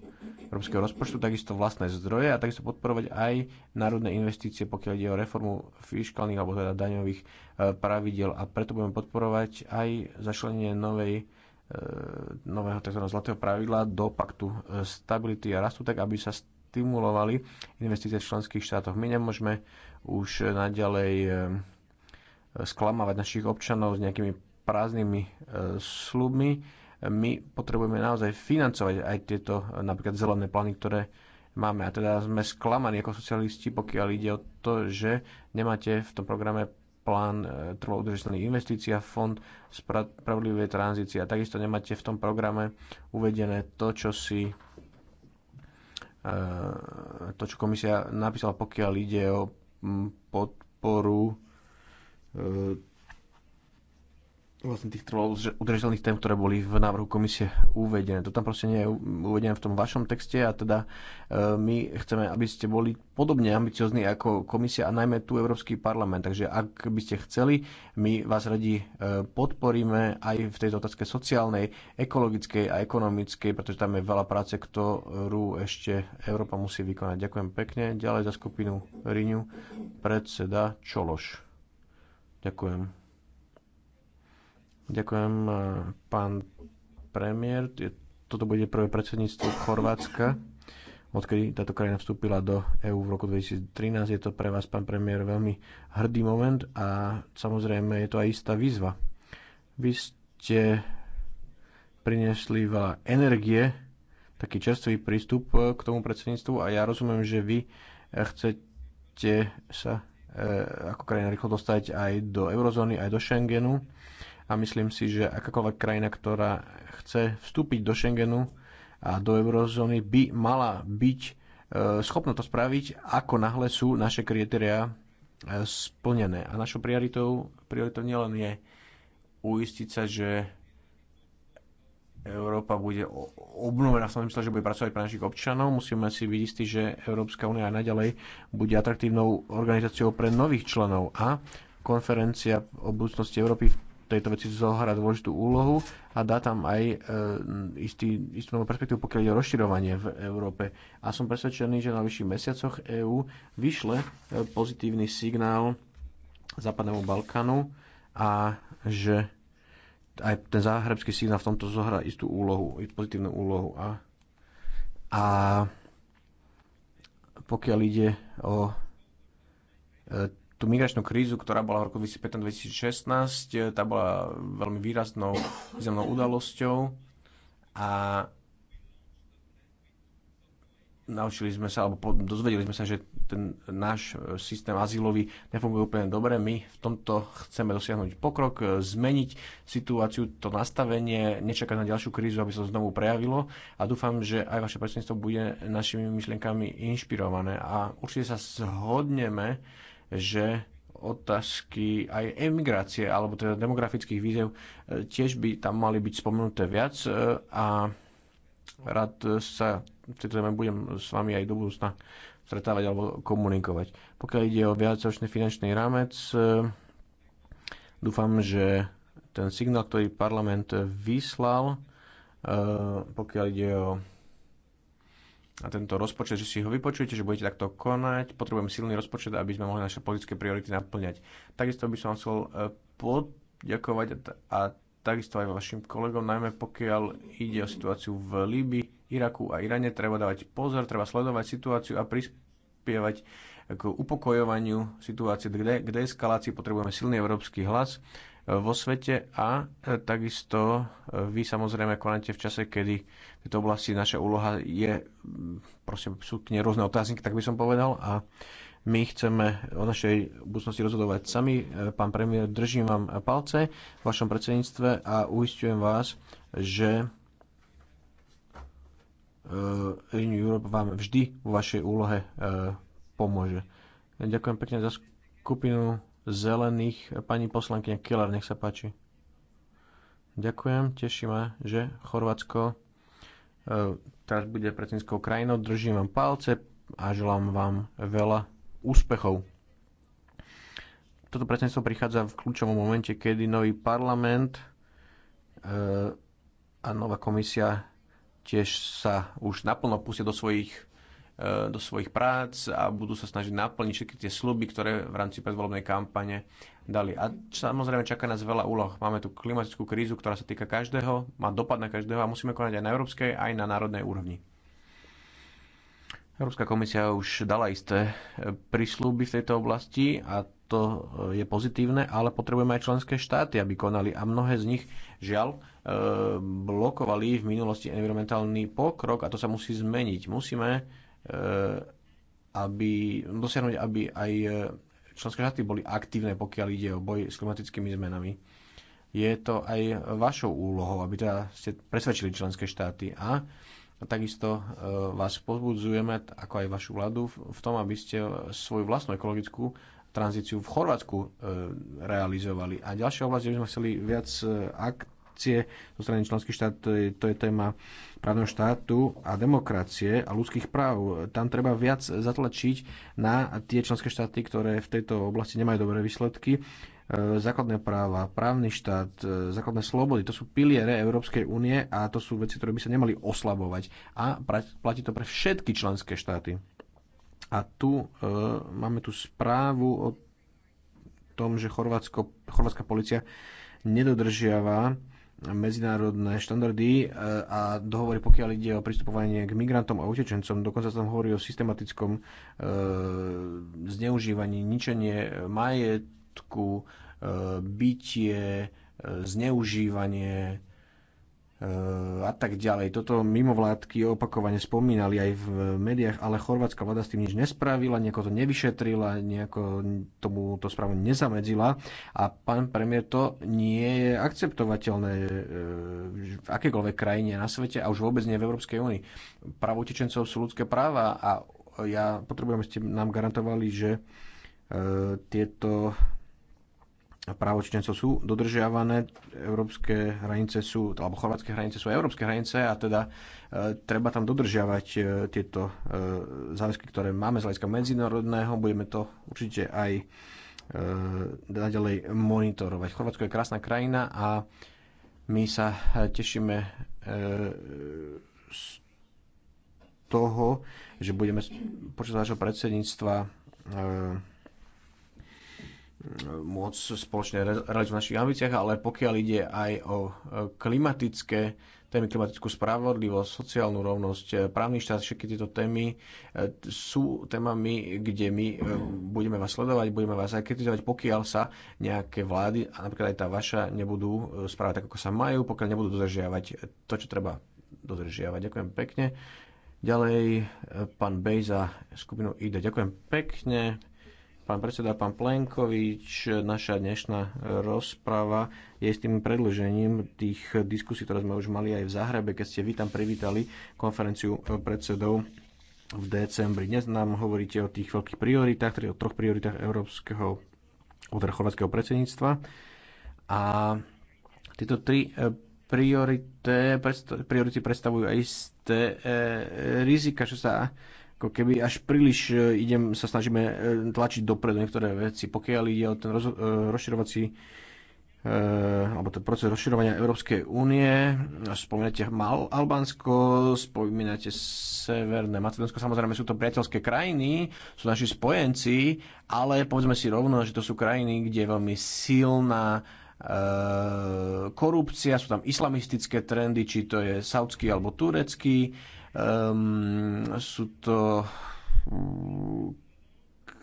európskeho rozpočtu, takisto vlastné zdroje a takisto podporovať aj národné investície, pokiaľ ide o reformu fiskálnych alebo teda daňových pravidel a preto budeme podporovať aj zašlenie novej nového tzv. zlatého pravidla do paktu stability a rastu, tak aby sa stimulovali investície v členských štátoch. My nemôžeme už naďalej eh, sklamávať našich občanov s nejakými prázdnymi eh, slubmi. My potrebujeme naozaj financovať aj tieto eh, napríklad zelené plány, ktoré máme. A teda sme sklamaní ako socialisti, pokiaľ ide o to, že nemáte v tom programe plán trvalo udržateľných investícií a fond spravodlivej tranzície. A takisto nemáte v tom programe uvedené to, čo si Eh, to, čo komisia napísala, pokiaľ ide o mm, podporu eh, vlastne tých trvalo udržateľných tém, ktoré boli v návrhu komisie uvedené. To tam proste nie je uvedené v tom vašom texte a teda e, my chceme, aby ste boli podobne ambiciozní ako komisia a najmä tu Európsky parlament. Takže ak by ste chceli, my vás radi e, podporíme aj v tejto otázke sociálnej, ekologickej a ekonomickej, pretože tam je veľa práce, ktorú ešte Európa musí vykonať. Ďakujem pekne. Ďalej za skupinu Riňu predseda Čološ. Ďakujem. Ďakujem, eh, pán premiér. Toto bude prvé predsedníctvo Chorvátska, odkedy táto krajina vstúpila do EÚ v roku 2013. Je to pre vás, pán premiér, veľmi hrdý moment a samozrejme je to aj istá výzva. Vy ste priniesli veľa energie, taký čerstvý prístup eh, k tomu predsedníctvu a ja rozumiem, že vy eh, chcete sa ako krajina rýchlo dostať aj do eurozóny, aj do Schengenu a myslím si, že akákoľvek krajina, ktorá chce vstúpiť do Schengenu a do eurozóny, by mala byť e, schopná to spraviť, ako nahle sú naše kritériá e, splnené. A našou prioritou, prioritou nielen je uistiť sa, že Európa bude obnovená v tom mysle, že bude pracovať pre našich občanov. Musíme si byť istí, že Európska únia aj naďalej bude atraktívnou organizáciou pre nových členov a konferencia o budúcnosti Európy v tejto veci zohrá dôležitú úlohu a dá tam aj e, istý, istú novú perspektívu, pokiaľ ide o rozširovanie v Európe. A som presvedčený, že na vyšších mesiacoch EÚ vyšle e, pozitívny signál Západnému Balkánu a že aj ten záhrebský signál v tomto zohrá istú úlohu, pozitívnu úlohu. A, a pokiaľ ide o e, tú migračnú krízu, ktorá bola v roku 2015-2016, eh, tá bola veľmi výraznou významnou udalosťou a naučili sme sa, alebo dozvedeli sme sa, že ten náš eh, systém azylový nefunguje úplne dobre. My v tomto chceme dosiahnuť pokrok, eh, zmeniť situáciu, to nastavenie, nečakať na ďalšiu krízu, aby sa to znovu prejavilo a dúfam, že aj vaše predsedníctvo bude našimi myšlienkami inšpirované a určite sa zhodneme že otázky aj emigrácie alebo teda demografických výzev e, tiež by tam mali byť spomenuté viac e, a rád sa v tejto téme budem s vami aj do budúcna stretávať alebo komunikovať. Pokiaľ ide o viacročný finančný rámec, e, dúfam, že ten signál, ktorý parlament vyslal, pokiaľ ide o a tento rozpočet, že si ho vypočujete, že budete takto konať. Potrebujem silný rozpočet, aby sme mohli naše politické priority naplňať. Takisto by som vám chcel e, poďakovať a takisto aj vašim kolegom, najmä pokiaľ ide o situáciu v Líbi, Iraku a Iráne. Treba dávať pozor, treba sledovať situáciu a prispievať k upokojovaniu situácie, kde, kde eskalácii potrebujeme silný európsky hlas vo svete a e, takisto e, vy samozrejme konáte v čase, kedy v tejto oblasti naša úloha je, prosím, sú k nej rôzne otázniky, tak by som povedal a my chceme o našej budúcnosti rozhodovať sami. E, pán premiér, držím vám palce v vašom predsedníctve a uistujem vás, že Renew Europe vám vždy vo vašej úlohe pomôže. Ďakujem pekne za skupinu zelených pani poslankyňa Kilar, nech sa páči. Ďakujem, teší ma, že Chorvátsko e, teraz bude predsedníckou krajinou. Držím vám palce a želám vám veľa úspechov. Toto predsedníctvo prichádza v kľúčovom momente, kedy nový parlament e, a nová komisia tiež sa už naplno pustia do svojich E, do svojich prác a budú sa snažiť naplniť všetky tie sluby, ktoré v rámci predvolebnej kampane dali. A samozrejme čaká nás veľa úloh. Máme tu klimatickú krízu, ktorá sa týka každého, má dopad na každého a musíme konať aj na európskej, aj na národnej úrovni. Európska komisia už dala isté e, prísľuby v tejto oblasti a to e, je pozitívne, ale potrebujeme aj členské štáty, aby konali a mnohé z nich, žiaľ, blokovali v minulosti environmentálny pokrok a to sa musí zmeniť. Musíme Eh, aby, dosiahnuť, aby aj eh, členské štáty boli aktívne, pokiaľ ide o boj s klimatickými zmenami. Je to aj vašou úlohou, aby teda ste presvedčili členské štáty a takisto eh, vás pozbudzujeme, ako aj vašu vládu, v tom, aby ste svoju vlastnú ekologickú tranzíciu v Chorvátsku realizovali. A ďalšia oblasť, kde by sme chceli viac akt akcie zo strany členských štát, to je, to je téma právneho štátu a demokracie a ľudských práv. Tam treba viac zatlačiť na tie členské štáty, ktoré v tejto oblasti nemajú dobré výsledky. E, základné práva, právny štát, e, základné slobody, to sú piliere Európskej únie a to sú veci, ktoré by sa nemali oslabovať. A platí to pre všetky členské štáty. A tu e, máme tu správu o tom, že chorvátska policia nedodržiava medzinárodné štandardy e, a dohovory, pokiaľ ide o pristupovanie k migrantom a utečencom. Dokonca tam hovorí o systematickom e, zneužívaní, ničenie majetku, e, bytie, zneužívanie a tak ďalej. Toto mimovládky opakovane spomínali aj v médiách, ale chorvátska vláda s tým nič nespravila, nejako to nevyšetrila, nejako tomu to správu nezamedzila a pán premiér, to nie je akceptovateľné e, v akékoľvek krajine na svete a už vôbec nie v Európskej únii. Právo utečencov sú ľudské práva a ja potrebujem, aby ste nám garantovali, že e, tieto právo sú dodržiavané, európske hranice sú, alebo chorvátske hranice sú európske hranice a teda e, treba tam dodržiavať e, tieto e, záväzky, ktoré máme z hľadiska medzinárodného. Budeme to určite aj e, naďalej monitorovať. Chorvátsko je krásna krajina a my sa e, tešíme e, z toho, že budeme počas nášho predsedníctva e, môcť spoločne realizovať v našich ambíciách, ale pokiaľ ide aj o e, klimatické témy, klimatickú spravodlivosť, sociálnu rovnosť, e, právny štát, všetky tieto témy e, sú témami, kde my budeme vás sledovať, budeme vás aj kritizovať, pokiaľ sa nejaké vlády, a napríklad aj tá vaša, nebudú správať tak, ako sa majú, pokiaľ nebudú dodržiavať to, čo treba dodržiavať. Ďakujem pekne. Ďalej pán Bej za skupinu ID. Ďakujem pekne. Pán predseda, pán Plenkovič, naša dnešná rozprava je s tým predlžením tých diskusí, ktoré sme už mali aj v Zahrebe, keď ste vy tam privítali konferenciu predsedov v decembri. Dnes nám hovoríte o tých veľkých prioritách, teda o troch prioritách európskeho, teda chorvátskeho predsedníctva. A tieto tri eh, priority predstavujú aj isté e, rizika, čo sa ako keby až príliš e, idem, sa snažíme e, tlačiť dopredu niektoré veci. Pokiaľ ide o ten roz, e, rozširovací alebo ten proces rozširovania Európskej únie. Spomínate Mal Albánsko, spomínate Severné Macedónsko. Samozrejme sú to priateľské krajiny, sú naši spojenci, ale povedzme si rovno, že to sú krajiny, kde je veľmi silná korupcia, sú tam islamistické trendy, či to je saudský alebo turecký Um, sú to mm,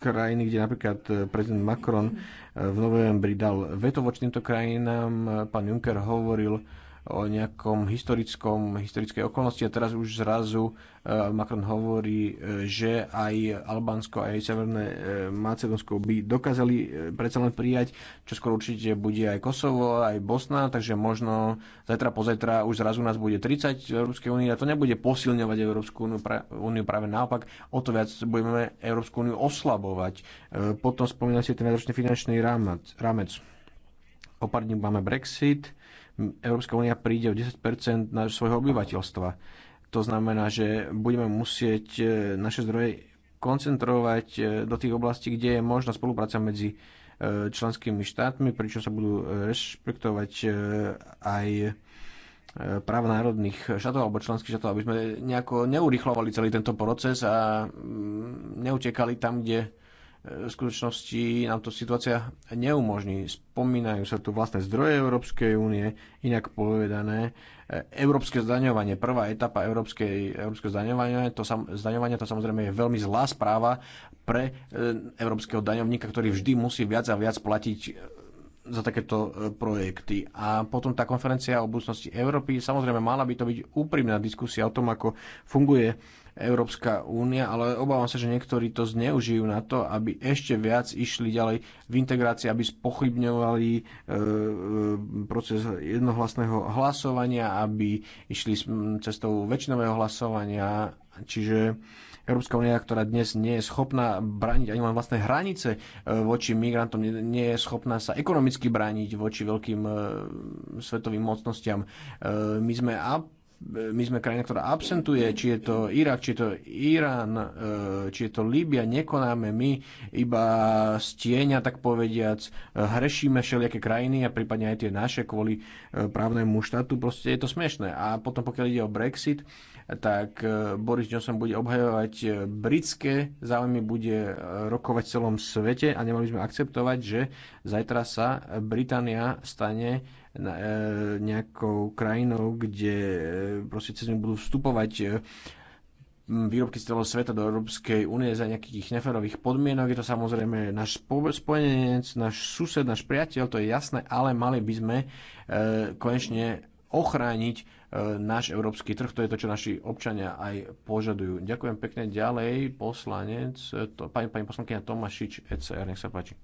krajiny, kde napríklad e, prezident Macron e, v novembri dal veto voči týmto krajinám. Pán Juncker hovoril o nejakom historickom, historickej okolnosti a teraz už zrazu e, Macron hovorí, e, že aj Albánsko, aj Severné e, Macedónsko by dokázali predsa len prijať, čo skoro určite bude aj Kosovo, aj Bosna, takže možno zajtra, pozajtra už zrazu nás bude 30 v Európskej únie a to nebude posilňovať Európsku úniu, práve naopak, o to viac budeme Európsku úniu oslabovať. Potom spomínal si ten finančný rámec. O pár dní máme Brexit, Európska únia príde o 10 na svojho obyvateľstva. To znamená, že budeme musieť e, naše zdroje koncentrovať e, do tých oblastí, kde je možná spolupráca medzi e, členskými štátmi, pričom sa budú rešpektovať aj práv národných štátov alebo členských štátov, aby sme nejako neurychlovali celý tento proces a mm, neutekali tam, kde v skutočnosti nám to situácia neumožní. Spomínajú sa tu vlastné zdroje Európskej únie, inak povedané, e, európske zdaňovanie, prvá etapa európskej, Európske zdaňovania, to sam, zdaňovania to samozrejme je veľmi zlá správa pre e, európskeho daňovníka, ktorý vždy musí viac a viac platiť e, za takéto projekty. A potom tá konferencia o budúcnosti Európy, samozrejme mala by to byť úprimná diskusia o tom, ako funguje Európska únia, ale obávam sa, že niektorí to zneužijú na to, aby ešte viac išli ďalej v integrácii, aby spochybňovali e, e proces jednohlasného hlasovania, aby išli cestou väčšinového hlasovania. Čiže Európska únia, ktorá dnes nie je schopná brániť ani len vlastné hranice e, voči migrantom, nie je schopná sa ekonomicky brániť voči veľkým e, svetovým mocnostiam. My sme my sme krajina, ktorá absentuje, či je to Irak, či je to Irán, e, či je to Líbia, nekonáme my iba stieňa, tak povediac, e, hrešíme všelijaké krajiny a prípadne aj tie naše kvôli e, právnemu štátu, proste je to smiešné. A potom pokiaľ ide o Brexit, tak Boris Johnson bude obhajovať britské záujmy, bude rokovať v celom svete a nemali sme akceptovať, že zajtra sa Británia stane E, nejakou krajinou, kde e, proste cez ňu budú vstupovať e, výrobky z celého sveta do Európskej únie za nejakých neferových podmienok. Je to samozrejme náš spojenec, náš sused, náš priateľ, to je jasné, ale mali by sme konečne ochrániť náš európsky trh. To je to, čo naši občania aj požadujú. Ďakujem pekne. Ďalej poslanec, to, pani, pani poslankyňa Tomašič, ECR, nech sa páči.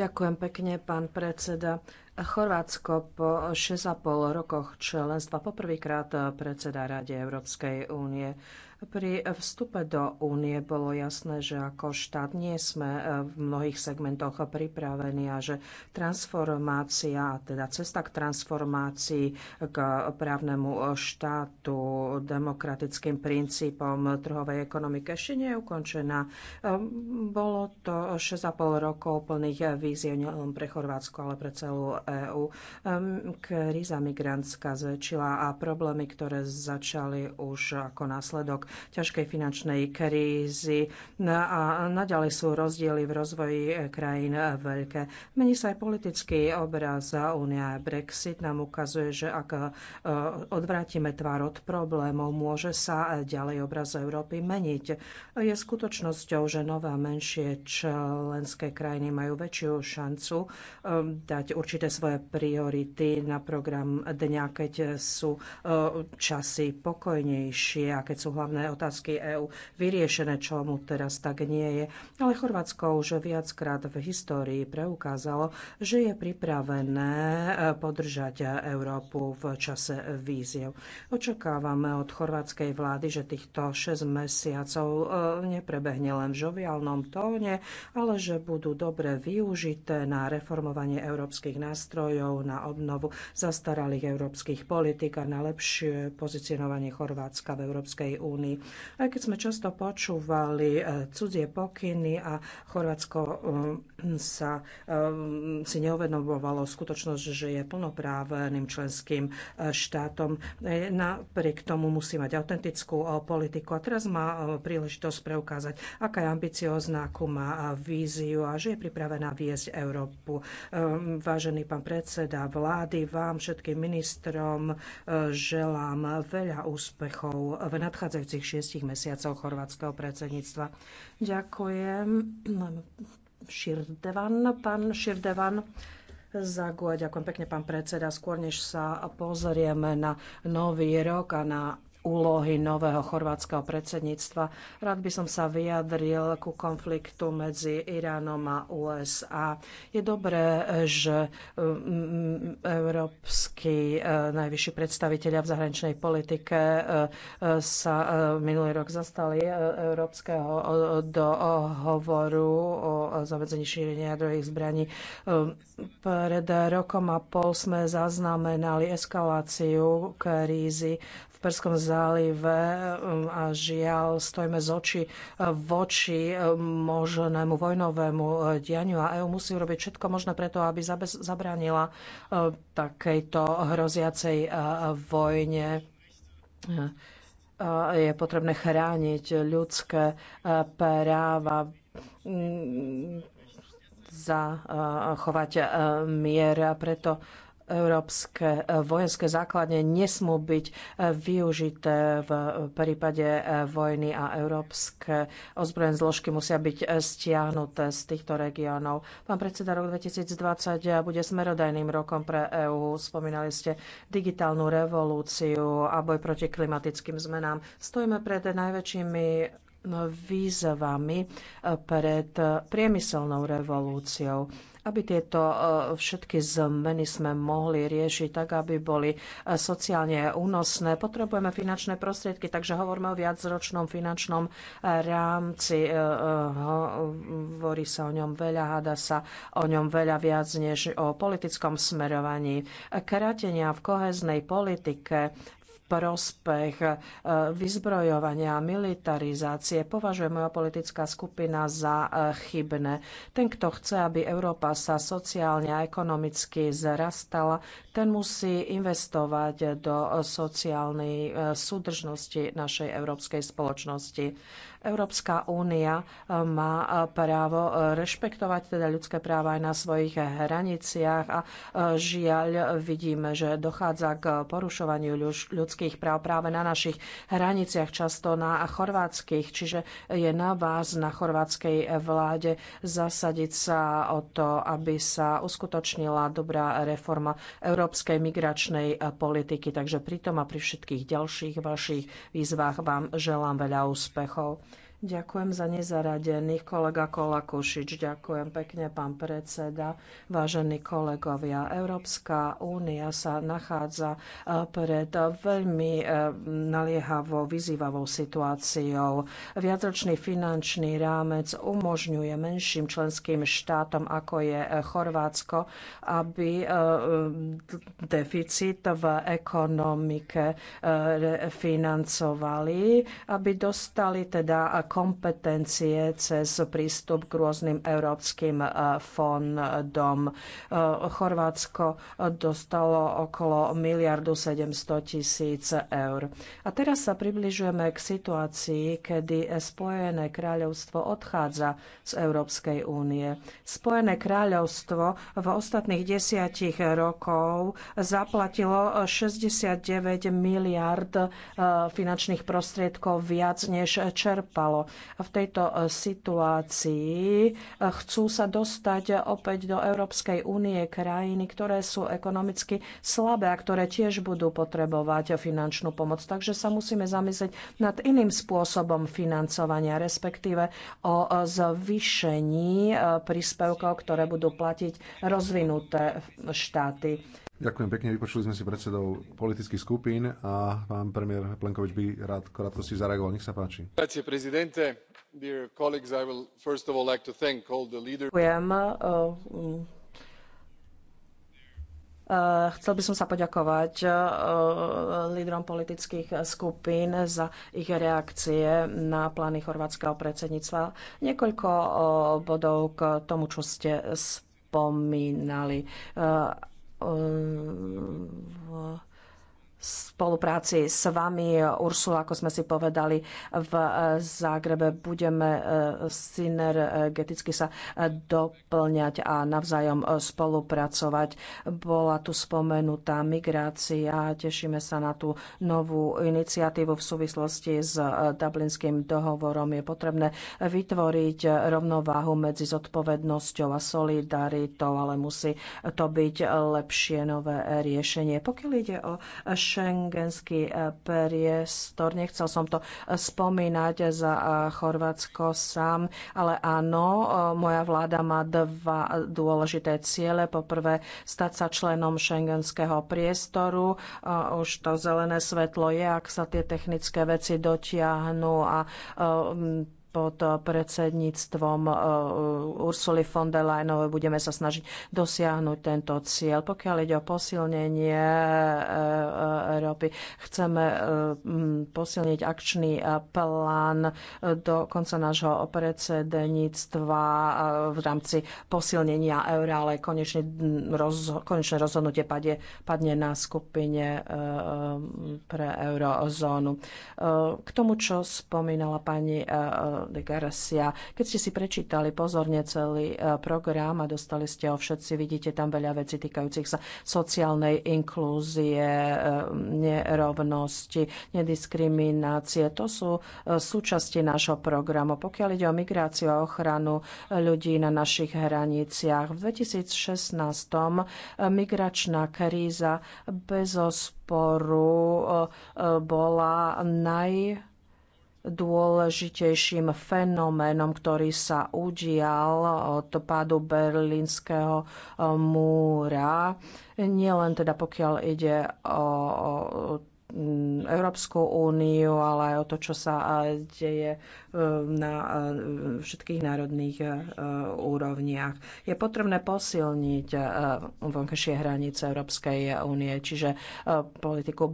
Ďakujem pekne, pán predseda. Chorvátsko po 6,5 rokoch členstva poprvýkrát predseda Rade Európskej únie. Pri vstupe do únie bolo jasné, že ako štát nie sme eh, v mnohých segmentoch pripravení a že transformácia, teda cesta k transformácii, k právnemu štátu, demokratickým princípom trhovej ekonomiky ešte nie je ukončená. Eh, bolo to 6,5 rokov plných víziev nielen pre Chorvátsko, ale pre celú EÚ. Kríza migrantská zväčšila a problémy, ktoré začali už ako následok ťažkej finančnej krízy no a naďalej sú rozdiely v rozvoji krajín veľké. Mení sa aj politický obraz za Únia a Brexit nám ukazuje, že ak e, odvrátime tvár od problémov, môže sa ďalej obraz Európy meniť. Je skutočnosťou, že nové a menšie členské krajiny majú väčšiu šancu e, dať určité svoje priority na program dňa, keď sú e, časy pokojnejšie a keď sú hlavné zásadné otázky EÚ vyriešené, čo mu teraz tak nie je. Ale Chorvátsko už viackrát v histórii preukázalo, že je pripravené e, podržať Európu v čase víziev. Očakávame od chorvátskej vlády, že týchto 6 mesiacov e, neprebehne len v žoviálnom tóne, ale že budú dobre využité na reformovanie európskych nástrojov, na obnovu zastaralých európskych politik a na lepšie pozicionovanie Chorvátska v Európskej únii krajiny. Aj keď sme často počúvali e, cudzie pokyny a Chorvátsko mm, sa e, si neuvedomovalo skutočnosť, že je plnoprávnym členským e, štátom. Napriek tomu musí mať autentickú politiku a teraz má príležitosť preukázať, aká je ambiciózna, akú má víziu a že je pripravená viesť Európu. Vážený pán predseda vlády, vám všetkým ministrom želám veľa úspechov v nadchádzajúcich predchádzajúcich šiestich mesiacov chorvátskeho predsedníctva. Ďakujem. Širdevan, pán Širdevan. Zago, ďakujem pekne, pán predseda. Skôr než sa pozrieme na nový rok a na úlohy nového chorvátskeho predsedníctva. Rád by som sa vyjadril ku konfliktu medzi Iránom a USA. Je dobré, že mm, európsky e, najvyšší predstavitelia v zahraničnej politike e, e, sa minulý rok zastali európskeho dohovoru o zavedzení šírenia jadrových zbraní. Pred rokom a pol sme zaznamenali eskaláciu krízy v Perskom zálive um, a žiaľ stojíme z oči uh, v oči um, možnému vojnovému uh, dianiu a EU musí urobiť všetko možné preto, aby zabránila uh, takejto hroziacej vojne je potrebné chrániť ľudské práva, mm, chovať mier a preto Európske e, vojenské základne nesmú byť e, využité v prípade e, vojny a európske ozbrojené zložky musia byť stiahnuté z týchto regiónov. Pán predseda, rok 2020 bude smerodajným rokom pre EÚ. Spomínali ste digitálnu revolúciu a boj proti klimatickým zmenám. Stojíme pred najväčšími výzvami eh, pred eh, priemyselnou revolúciou aby tieto eh, všetky zmeny sme mohli riešiť tak, aby boli sociálne únosné. Potrebujeme finančné prostriedky, takže hovoríme o viacročnom finančnom rámci. Hovorí sa o ňom veľa, hada sa o ňom veľa viac než o politickom smerovaní. Krátenia v koheznej politike prospech e, vyzbrojovania a militarizácie považuje moja politická skupina za e, chybné. Ten, kto chce, aby Európa sa sociálne a ekonomicky zrastala, ten musí investovať do e, sociálnej súdržnosti našej európskej spoločnosti. Európska únia eh, má eh, právo eh, rešpektovať teda ľudské práva aj na svojich hraniciach a žiaľ vidíme, že dochádza k porušovaniu ľudských práv práve na našich hraniciach, často na chorvátskych, čiže je na vás, na chorvátskej vláde, zasadiť sa o to, aby sa uskutočnila dobrá reforma európskej migračnej politiky. Takže pri tom a pri všetkých ďalších vašich výzvach vám želám veľa úspechov. Ďakujem za nezaradených. Kolega Kolakušič, ďakujem pekne, pán predseda. Vážení kolegovia, Európska únia sa nachádza e, pred e, veľmi e, naliehavou, vyzývavou situáciou. Viacročný finančný rámec umožňuje menším členským štátom, ako je Chorvátsko, aby deficit v ekonomike financovali, aby dostali teda kompetencie cez prístup k rôznym európskym e, fondom. E, Chorvátsko dostalo okolo miliardu 700 tisíc eur. A teraz sa približujeme k situácii, kedy Spojené kráľovstvo odchádza z Európskej únie. Spojené kráľovstvo v ostatných desiatich rokov zaplatilo 69 miliard e, finančných prostriedkov viac, než čerpalo stalo. A v tejto e, situácii e, chcú sa dostať opäť do Európskej únie krajiny, ktoré sú ekonomicky slabé a ktoré tiež budú potrebovať finančnú pomoc. Takže sa musíme zamyslieť nad iným spôsobom financovania, respektíve o e, zvýšení príspevkov, ktoré budú platiť rozvinuté štáty. Ďakujem pekne, vypočuli sme si predsedov politických skupín a pán premiér Plenkovič by rád krátkosti zareagoval. Nech sa páči. Ďakujem. Uh, uh, chcel by som sa poďakovať uh, lídrom politických skupín za ich reakcie na plány chorvátskeho predsedníctva. Niekoľko bodov k tomu, čo ste spomínali v spolupráci s vami. Ursula, ako sme si povedali, v eh, Zágrebe budeme eh, synergeticky sa eh, doplňať a navzájom spolupracovať. Bola tu spomenutá migrácia. Tešíme sa na tú novú iniciatívu v súvislosti s Dublinským dohovorom. Je potrebné vytvoriť rovnováhu medzi zodpovednosťou a solidaritou, ale musí to byť lepšie nové riešenie. Pokiaľ ide o šengenský eh, priestor. Nechcel som to eh, spomínať za eh, Chorvátsko sám, ale áno, moja vláda má dva dôležité ciele. Poprvé, stať sa členom šengenského priestoru. Už to zelené svetlo je, ak sa tie technické veci dotiahnu a pod eh, predsedníctvom eh, Ursuly von der Leyenovej budeme sa snažiť dosiahnuť tento cieľ. Pokiaľ ide o posilnenie eh, Európy, chceme posilniť akčný plán do konca nášho predsedníctva v rámci posilnenia eur, ale konečne, rozho- konečné rozhodnutie padne, padne na skupine pre eurozónu. K tomu, čo spomínala pani de Garcia. Keď ste si prečítali pozorne celý e, program a dostali ste ho všetci, vidíte tam veľa vecí týkajúcich sa sociálnej inklúzie, e, nerovnosti, nediskriminácie. To sú e, súčasti nášho programu. Pokiaľ ide o migráciu a ochranu ľudí na našich hraniciach, v 2016 migračná kríza bez sporu bola naj dôležitejším fenoménom, ktorý sa udial od pádu berlínskeho eh, múra. Nielen teda pokiaľ ide o mm, Európsku úniu, ale aj o to, čo sa eh, deje eh, na všetkých národných úrovniach. Je potrebné posilniť vonkajšie hranice Európskej únie, čiže politiku